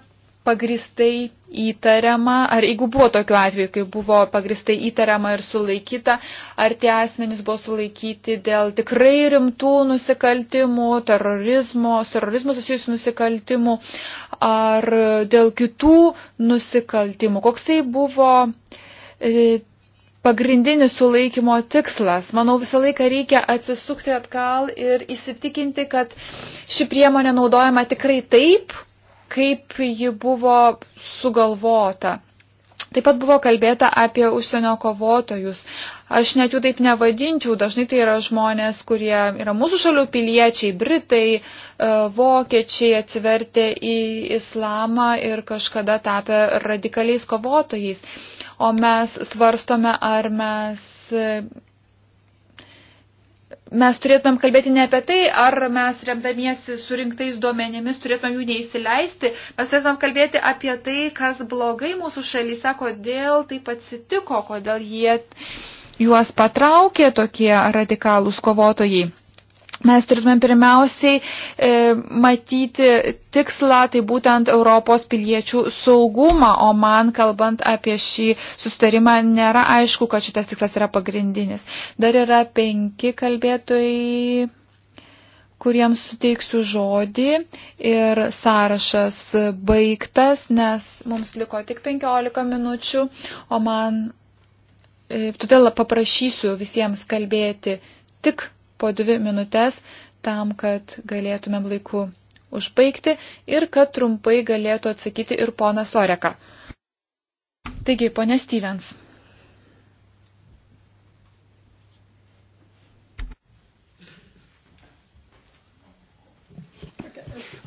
pagristai įtariama, ar jeigu buvo tokiu atveju, kai buvo pagristai įtariama ir sulaikyta, ar tie asmenys buvo sulaikyti dėl tikrai rimtų nusikaltimų, terorizmo, terorizmo susijusių nusikaltimų, ar dėl kitų nusikaltimų. Koks tai buvo e, pagrindinis sulaikymo tikslas. Manau, visą laiką reikia atsisukti atgal ir įsitikinti, kad ši priemonė naudojama tikrai taip, kaip ji buvo sugalvota. Taip pat buvo kalbėta apie užsienio kovotojus. Aš net jų taip nevadinčiau, dažnai tai yra žmonės, kurie yra mūsų šalių piliečiai, britai, e, vokiečiai atsivertė į islamą ir kažkada tapę radikaliais kovotojais. O mes svarstome, ar mes mes turėtumėm kalbėti ne apie tai, ar mes remdamiesi surinktais duomenimis turėtumėm jų neįsileisti, mes turėtumėm kalbėti apie tai, kas blogai mūsų šalyse, kodėl taip atsitiko, kodėl jie juos patraukė tokie radikalūs kovotojai. Mes turėtumėm pirmiausiai e, matyti tikslą, tai būtent Europos piliečių saugumą, o man kalbant apie šį sustarimą nėra aišku, kad šitas tikslas yra pagrindinis. Dar yra penki kalbėtojai kuriems suteiksiu žodį ir sąrašas baigtas, nes mums liko tik 15 minučių, o man, e, todėl paprašysiu visiems kalbėti tik po dvi minutės tam, kad galėtumėm laiku užbaigti ir kad trumpai galėtų atsakyti ir pona Soreka. Taigi, ponė Stevens.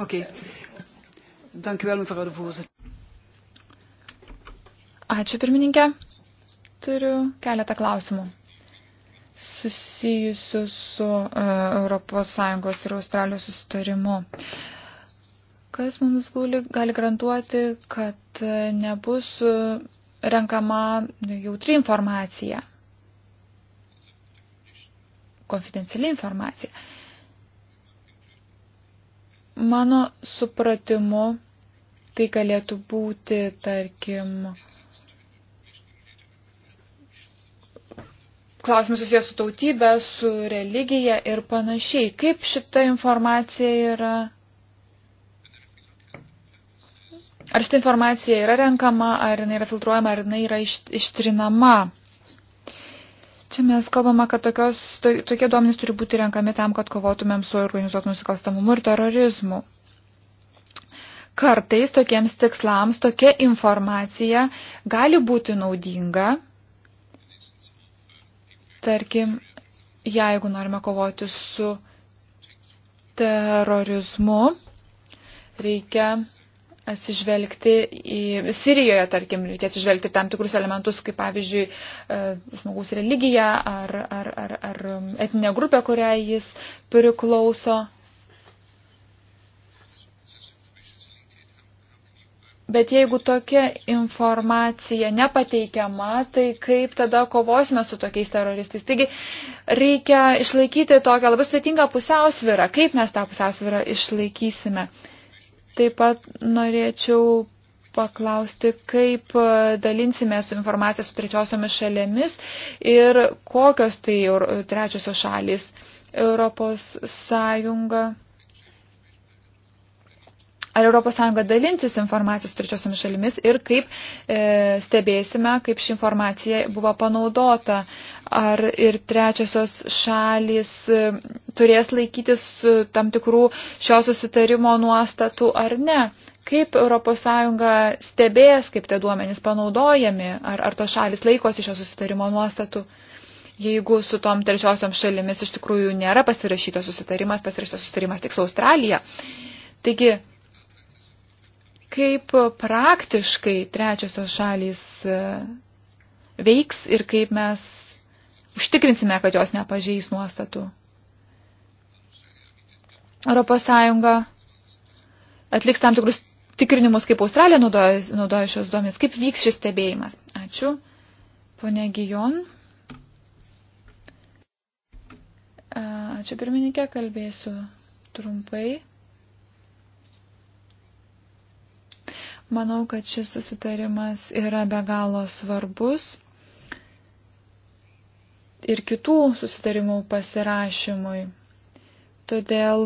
Oké. Okay. Dank u wel, mevrouw de voorzitter. Ačiū, pirmininkė. Turiu keletą klausimų susijusių su ES ir Australijos sustarimu. Kas mums gali, gali garantuoti, kad e, nebus e, renkama jautri informacija, konfidenciali informacija. Mano supratimu, tai galėtų būti, tarkim, klausimai susijęs su tautybė, su religija ir panašiai. Kaip šita informacija yra. Ar šita informacija yra renkama, ar jinai yra filtruojama, ar jinai yra ištrinama? Čia mes kalbame, kad tokios, to, tokie duomenys turi būti renkami tam, kad kovotumėm su organizuotų nusikalstamumu ir terorizmu. Kartais tokiems tikslams tokia informacija gali būti naudinga Tarkim, jeigu norime kovoti su terorizmu, reikia atsižvelgti į Sirijoje, tarkim, reikia atsižvelgti tam tikrus elementus, kaip pavyzdžiui, e, žmogus religija ar, ar, ar, ar um, etninė grupė, kuriai jis priklauso. Bet jeigu tokia informacija nepateikiama, tai kaip tada kovosime su tokiais teroristais? Taigi reikia išlaikyti tokią labai sudėtingą pusiausvyrą. Kaip mes tą pusiausvyrą išlaikysime? Taip pat norėčiau paklausti, kaip dalinsime su informacija su trečiosiomis šalėmis ir kokios tai trečiosios šalys Europos Sąjunga Ar ES dalinsis informacijos trečiosiomis šalimis ir kaip e, stebėsime, kaip ši informacija buvo panaudota. Ar ir trečiosios šalis e, turės laikytis e, tam tikrų šio susitarimo nuostatų ar ne. Kaip ES stebės, kaip tie duomenys panaudojami, ar, ar tos šalis laikosi šio susitarimo nuostatų jeigu su tom trečiosiom šalimis iš tikrųjų nėra pasirašytas susitarimas, pasirašytas susitarimas tik su Australija. Taigi, kaip praktiškai trečiosios šalys e, veiks ir kaip mes užtikrinsime, kad jos nepažeis nuostatų. Europos Sąjunga atliks tam tikrus tikrinimus, kaip Australija naudoja, naudoja šios duomenys. Kaip vyks šis stebėjimas? Ačiū. Pone Gijon. E, ačiū pirmininkė, kalbėsiu trumpai. Manau, kad šis susitarimas yra be galo svarbus ir kitų susitarimų pasirašymui. Todėl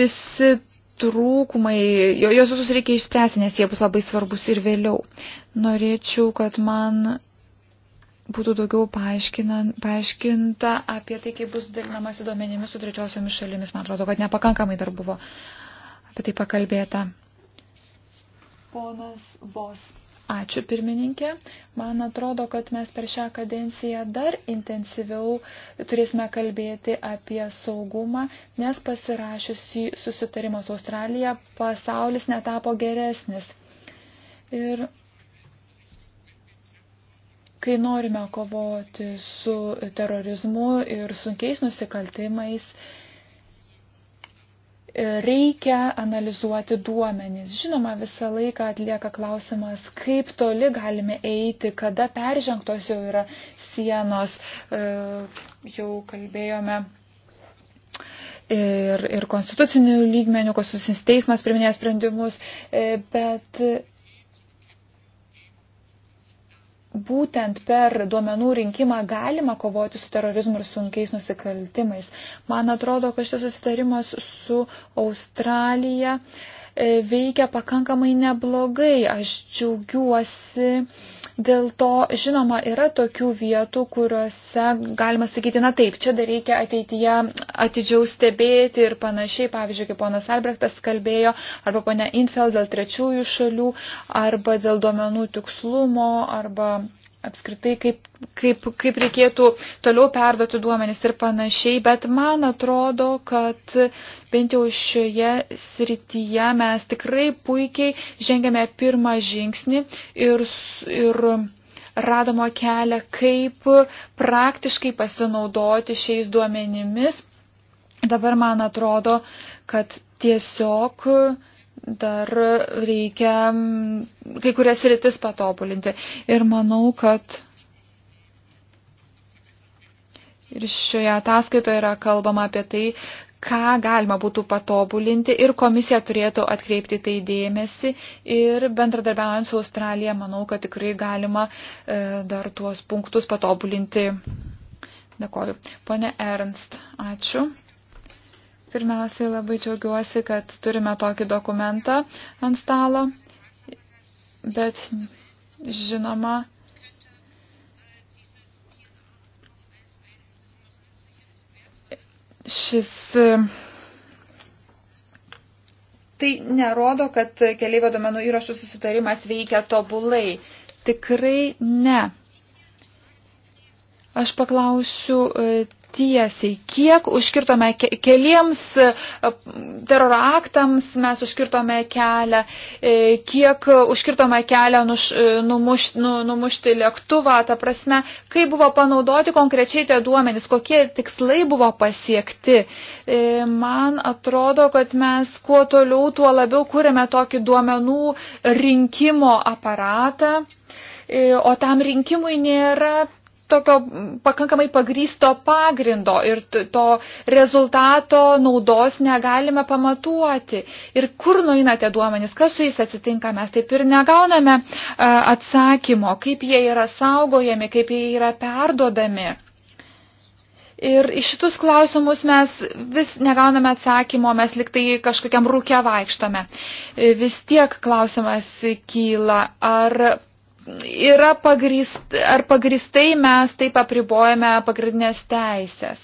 visi trūkumai, jos visus reikia išspręsti, nes jie bus labai svarbus ir vėliau. Norėčiau, kad man būtų daugiau paaiškinta apie tai, kaip bus dalinamas duomenimis su trečiosiomis šalimis. Man atrodo, kad nepakankamai dar buvo apie tai pakalbėta. Ponas Vos. Ačiū pirmininkė. Man atrodo, kad mes per šią kadenciją dar intensyviau turėsime kalbėti apie saugumą, nes pasirašiusi susitarimą su Australija pasaulis netapo geresnis. Ir kai norime kovoti su terorizmu ir sunkiais nusikaltimais, reikia analizuoti duomenys. Žinoma, visą laiką atlieka klausimas, kaip toli galime eiti, kada peržengtos jau yra sienos. E, jau kalbėjome e, ir, ir konstitucinių lygmenių, konstitucinis teismas priminė sprendimus, e, bet būtent per duomenų rinkimą galima kovoti su terorizmu ir sunkiais nusikaltimais. Man atrodo, kad šis susitarimas su Australija e, veikia pakankamai neblogai. Aš džiaugiuosi Dėl to, žinoma, yra tokių vietų, kuriuose galima sakyti, na taip, čia dar reikia ateityje atidžiau stebėti ir panašiai, pavyzdžiui, kaip ponas Albrechtas kalbėjo, arba ponia Infeld dėl trečiųjų šalių, arba dėl duomenų tikslumo, arba apskritai, kaip, kaip, kaip reikėtų toliau perduoti duomenis ir panašiai, bet man atrodo, kad bent jau šioje srityje mes tikrai puikiai žengėme pirmą žingsnį ir, ir radome kelią, kaip praktiškai pasinaudoti šiais duomenimis. Dabar man atrodo, kad tiesiog dar reikia mm, kai kurias rytis patobulinti. Ir manau, kad ir šioje ataskaitoje yra kalbama apie tai, ką galima būtų patobulinti ir komisija turėtų atkreipti tai dėmesį ir bendradarbiaujant su Australija, manau, kad tikrai galima e, dar tuos punktus patobulinti. Dėkoju. Pone Ernst, ačiū. Pirmiausiai labai džiaugiuosi, kad turime tokį dokumentą ant stalo, bet žinoma, šis. Tai nerodo, kad keliaivio domenų įrašų susitarimas veikia tobulai. Tikrai ne. Aš paklausiu tiesiai, kiek užkirtome ke keliems e, teroro aktams, mes užkirtome kelią, e, kiek užkirtome kelią nuš, e, numuš, nu, numušti lėktuvą, ta prasme, kaip buvo panaudoti konkrečiai tie duomenys, kokie tikslai buvo pasiekti. Man atrodo, kad mes kuo toliau, tuo labiau kūrėme tokį duomenų rinkimo aparatą. O tam rinkimui nėra tokio pakankamai pagrysto pagrindo ir to rezultato naudos negalime pamatuoti. Ir kur nueina tie duomenys, kas su jais atsitinka, mes taip ir negauname e, atsakymo, kaip jie yra saugojami, kaip jie yra perdodami. Ir iš šitus klausimus mes vis negauname atsakymo, mes liktai kažkokiam rūkė vaikštome. E, vis tiek klausimas kyla, ar yra pagrist, ar pagristai mes taip apribojame pagrindinės teisės.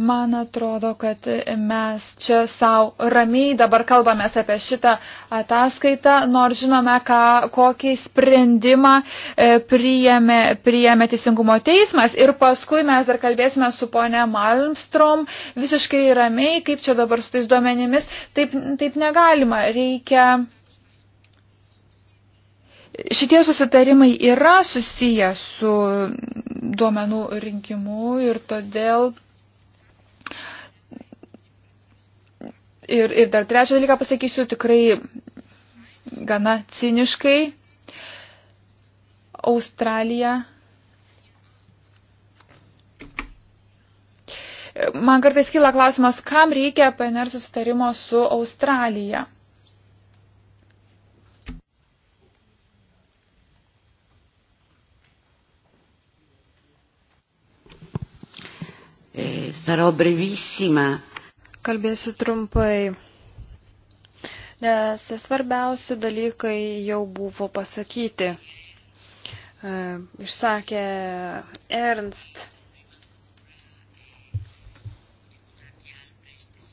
Man atrodo, kad mes čia savo ramiai dabar kalbamės apie šitą ataskaitą, nors žinome, ką, kokį sprendimą e, priėmė, priėmė Teisingumo teismas ir paskui mes dar kalbėsime su ponė Malmstrom visiškai ramiai, kaip čia dabar su tais duomenimis, taip, taip negalima, reikia Šitie susitarimai yra susiję su duomenų rinkimu ir todėl. Ir, ir dar trečią dalyką pasakysiu tikrai gana ciniškai. Australija. Man kartais kyla klausimas, kam reikia PNR susitarimo su Australija. eh, sarò brevissima. Kalbėsiu trumpai, nes svarbiausi dalykai jau buvo pasakyti. E, išsakė Ernst.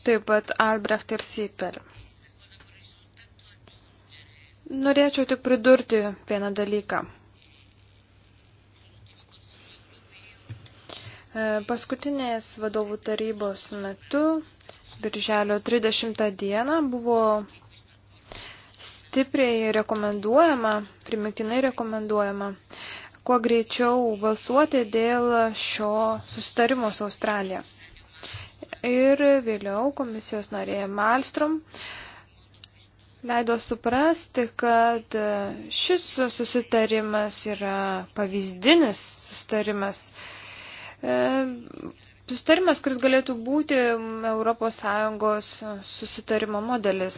Taip pat Albrecht ir Sipel. Norėčiau tik pridurti vieną dalyką. E, paskutinės vadovų tarybos metu, birželio 30 dieną, buvo stipriai rekomenduojama, primiktinai rekomenduojama, kuo greičiau balsuoti dėl šio sustarimo su Australija. Ir vėliau komisijos narė Malstrom leido suprasti, kad šis susitarimas yra pavyzdinis susitarimas E, sustarimas, kuris galėtų būti ES susitarimo modelis.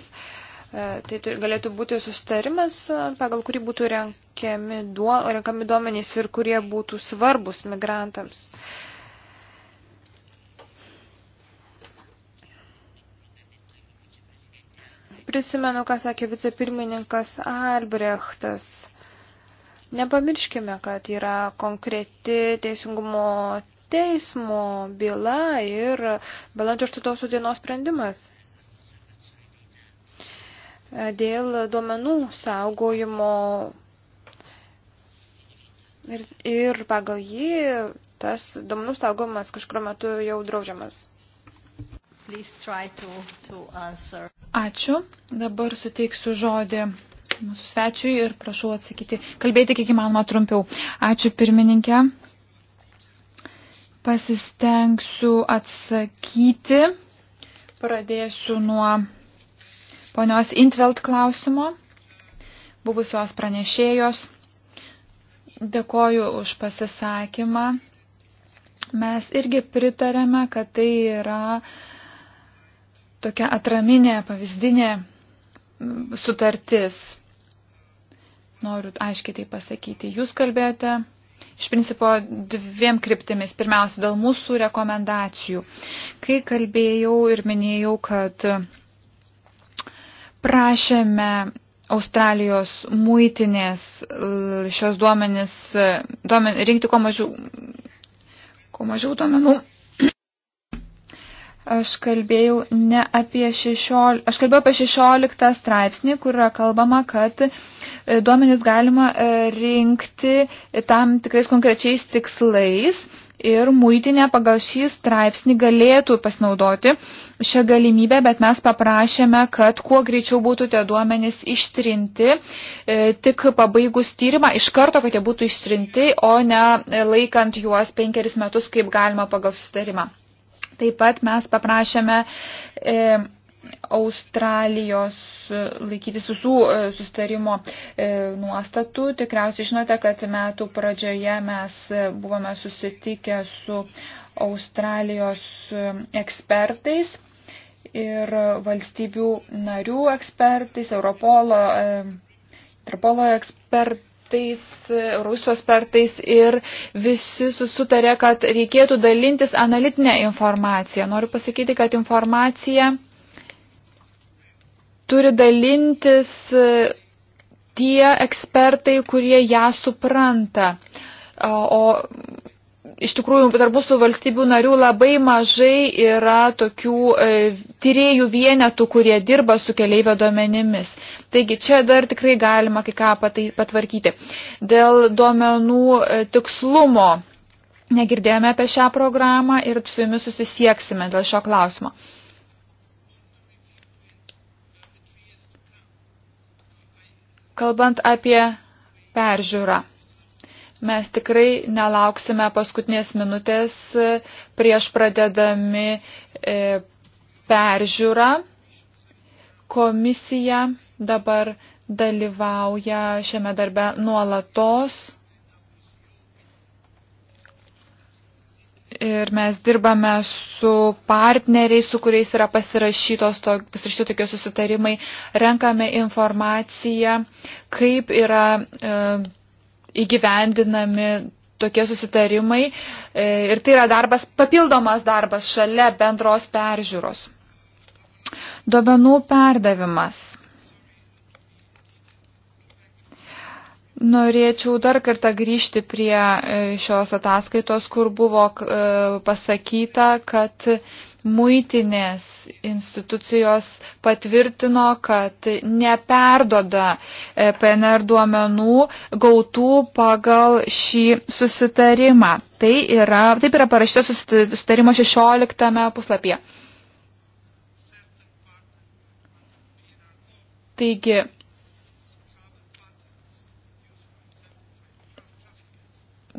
E, tai galėtų būti sustarimas, pagal kurį būtų renkami, duo, renkami duomenys ir kurie būtų svarbus migrantams. Prisimenu, ką sakė vicepirmininkas Albrechtas. Nepamirškime, kad yra konkreti teisingumo teismo byla ir balandžio 8 dienos sprendimas dėl duomenų saugojimo ir, ir pagal jį tas duomenų saugomas kažkuriuo metu jau draudžiamas. To, to Ačiū. Dabar suteiksiu žodį mūsų svečiui ir prašau atsakyti, kalbėti kiek įmanoma trumpiau. Ačiū pirmininkė. Pasistengsiu atsakyti. Pradėsiu nuo ponios Intvelt klausimo, buvusios pranešėjos. Dėkoju už pasisakymą. Mes irgi pritarėme, kad tai yra tokia atraminė, pavyzdinė sutartis. Noriu aiškiai tai pasakyti. Jūs kalbėjote iš principo dviem kryptimis. Pirmiausia, dėl mūsų rekomendacijų. Kai kalbėjau ir minėjau, kad prašėme Australijos muitinės šios duomenis, duomen, rinkti kuo mažiau, kuo mažiau duomenų, Aš kalbėjau, ne apie 16, aš kalbėjau apie 16 straipsnį, kur yra kalbama, kad e, duomenys galima e, rinkti tam tikrais konkrečiais tikslais ir muitinė pagal šį straipsnį galėtų pasinaudoti šią galimybę, bet mes paprašėme, kad kuo greičiau būtų tie duomenys ištrinti, e, tik pabaigus tyrimą iš karto, kad jie būtų ištrinti, o ne laikant juos penkeris metus, kaip galima pagal sustarimą. Taip pat mes paprašėme e, Australijos laikytis visų e, sustarimo e, nuostatų. Tikriausiai žinote, kad metų pradžioje mes e, buvome susitikę su Australijos ekspertais ir valstybių narių ekspertais, Europolo, Interpolo ekspert, ekspertais, rusų ekspertais ir visi susitarė, kad reikėtų dalintis analitinę informaciją. Noriu pasakyti, kad informacija turi dalintis e, tie ekspertai, kurie ją supranta. O iš tikrųjų tarp mūsų valstybių narių labai mažai yra tokių e, tyriejų vienetų, kurie dirba su keleivio duomenimis. Taigi čia dar tikrai galima kai ką patvarkyti. Dėl duomenų e, tikslumo negirdėjome apie šią programą ir su jumis susisieksime dėl šio klausimo. Kalbant apie peržiūrą. Mes tikrai nelauksime paskutinės minutės e, prieš pradedami e, peržiūrą. Komisija dabar dalyvauja šiame darbe nuolatos. ir mes dirbame su partneriais, su kuriais yra pasirašytos to, pasirašyti tokie susitarimai, renkame informaciją, kaip yra e, įgyvendinami tokie susitarimai e, ir tai yra darbas, papildomas darbas šalia bendros peržiūros. Duomenų perdavimas. Norėčiau dar kartą grįžti prie e, šios ataskaitos, kur buvo e, pasakyta, kad muitinės institucijos patvirtino, kad neperdoda e, PNR duomenų gautų pagal šį susitarimą. Tai yra, taip yra parašyta susitarimo 16 puslapyje. Taigi,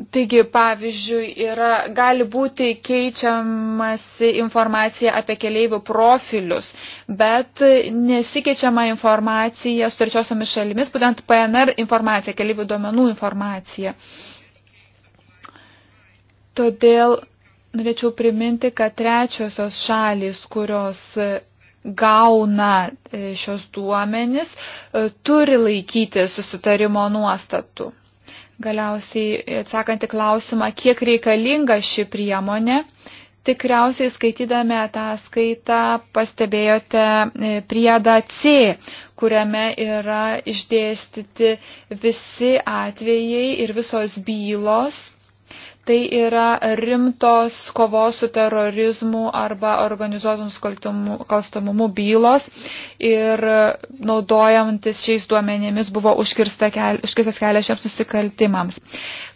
Taigi, pavyzdžiui, yra, gali būti keičiamasi informacija apie keleivių profilius, bet nesikeičiama informacija su trečiosiomis šalimis, būtent PNR informacija, keleivių duomenų informacija. Todėl norėčiau priminti, kad trečiosios šalis, kurios gauna e, šios duomenis, e, turi laikyti susitarimo nuostatų. Galiausiai atsakant į klausimą, kiek reikalinga ši priemonė, tikriausiai skaitydami ataskaitą pastebėjote e, priedą C, kuriame yra išdėstyti visi atvejai ir visos bylos Tai yra rimtos kovos su terorizmu arba organizuotų nusikalstamumu bylos ir naudojantis šiais duomenimis buvo užkirstas kelias šiems nusikaltimams.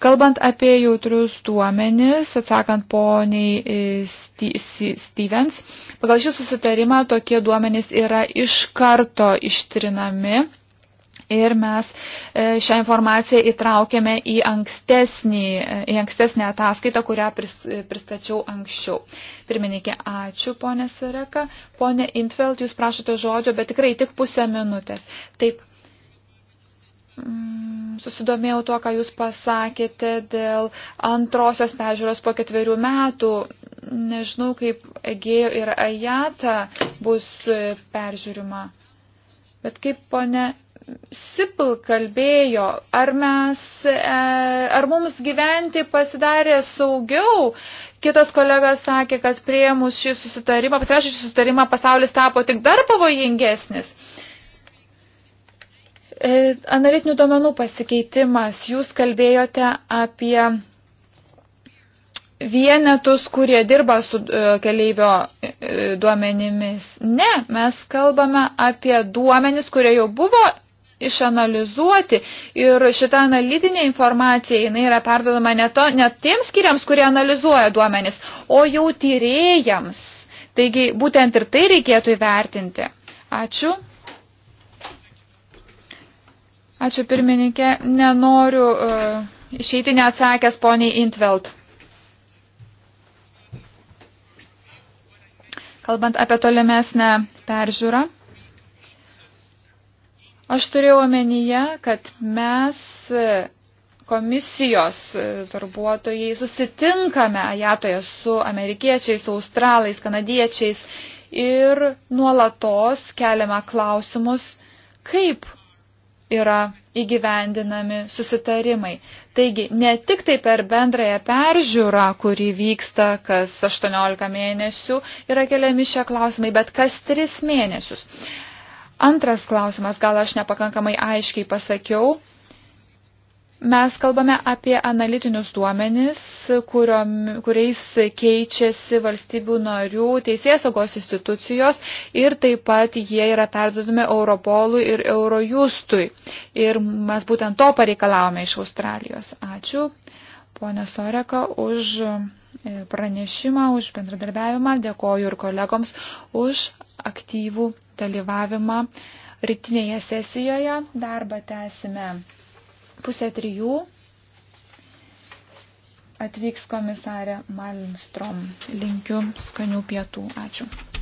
Kalbant apie jautrius duomenis, atsakant poniai e, Stevens, pagal šį susitarimą tokie duomenys yra iš karto ištrinami Ir mes e, šią informaciją įtraukėme į, ankstesnį, e, į ankstesnę ataskaitą, kurią e, pristačiau anksčiau. Pirmininkė, ačiū, ponė Sireka. Pone Intveld, jūs prašote žodžio, bet tikrai tik pusę minutės. Taip, mm, susidomėjau tuo, ką jūs pasakėte dėl antrosios pežiūros po ketverių metų. Nežinau, kaip Egėjo ir Ajata bus peržiūrima. Bet kaip, ponė Sipil kalbėjo, ar, mes, e, ar mums gyventi pasidarė saugiau. Kitas kolega sakė, kad prie mūsų šį susitarimą, pasirašę šį susitarimą, pasaulis tapo tik dar pavojingesnis. E, analitinių duomenų pasikeitimas. Jūs kalbėjote apie vienetus, kurie dirba su e, keleivio duomenimis. Ne, mes kalbame apie duomenis, kurie jau buvo išanalizuoti ir šita analitinė informacija jinai yra perdodama ne, to, ne tiems skiriams, kurie analizuoja duomenis, o jau tyrėjams. Taigi būtent ir tai reikėtų įvertinti. Ačiū. Ačiū pirmininkė. Nenoriu uh, išeiti neatsakęs poniai Intveld. Kalbant apie tolimesnę peržiūrą Aš turėjau omenyje, kad mes e, komisijos e, darbuotojai susitinkame ajatoje su amerikiečiais, australais, kanadiečiais ir nuolatos keliame klausimus, kaip yra įgyvendinami susitarimai. Taigi, ne tik tai per bendrąją peržiūrą, kuri vyksta kas 18 mėnesių, yra keliami šie klausimai, bet kas 3 mėnesius. Antras klausimas, gal aš nepakankamai aiškiai pasakiau. Mes kalbame apie analitinius duomenis, kuriom, kuriais keičiasi valstybių narių teisėsaugos institucijos ir taip pat jie yra perduodami Europolui ir Eurojustui. Ir mes būtent to pareikalavome iš Australijos. Ačiū ponę Soreką už e, pranešimą, už bendradarbiavimą. Dėkoju ir kolegoms už aktyvų dalyvavimą rytinėje sesijoje. Darbą tęsime pusę trijų. Atvyks komisarė Malmstrom. Linkiu skanių pietų. Ačiū.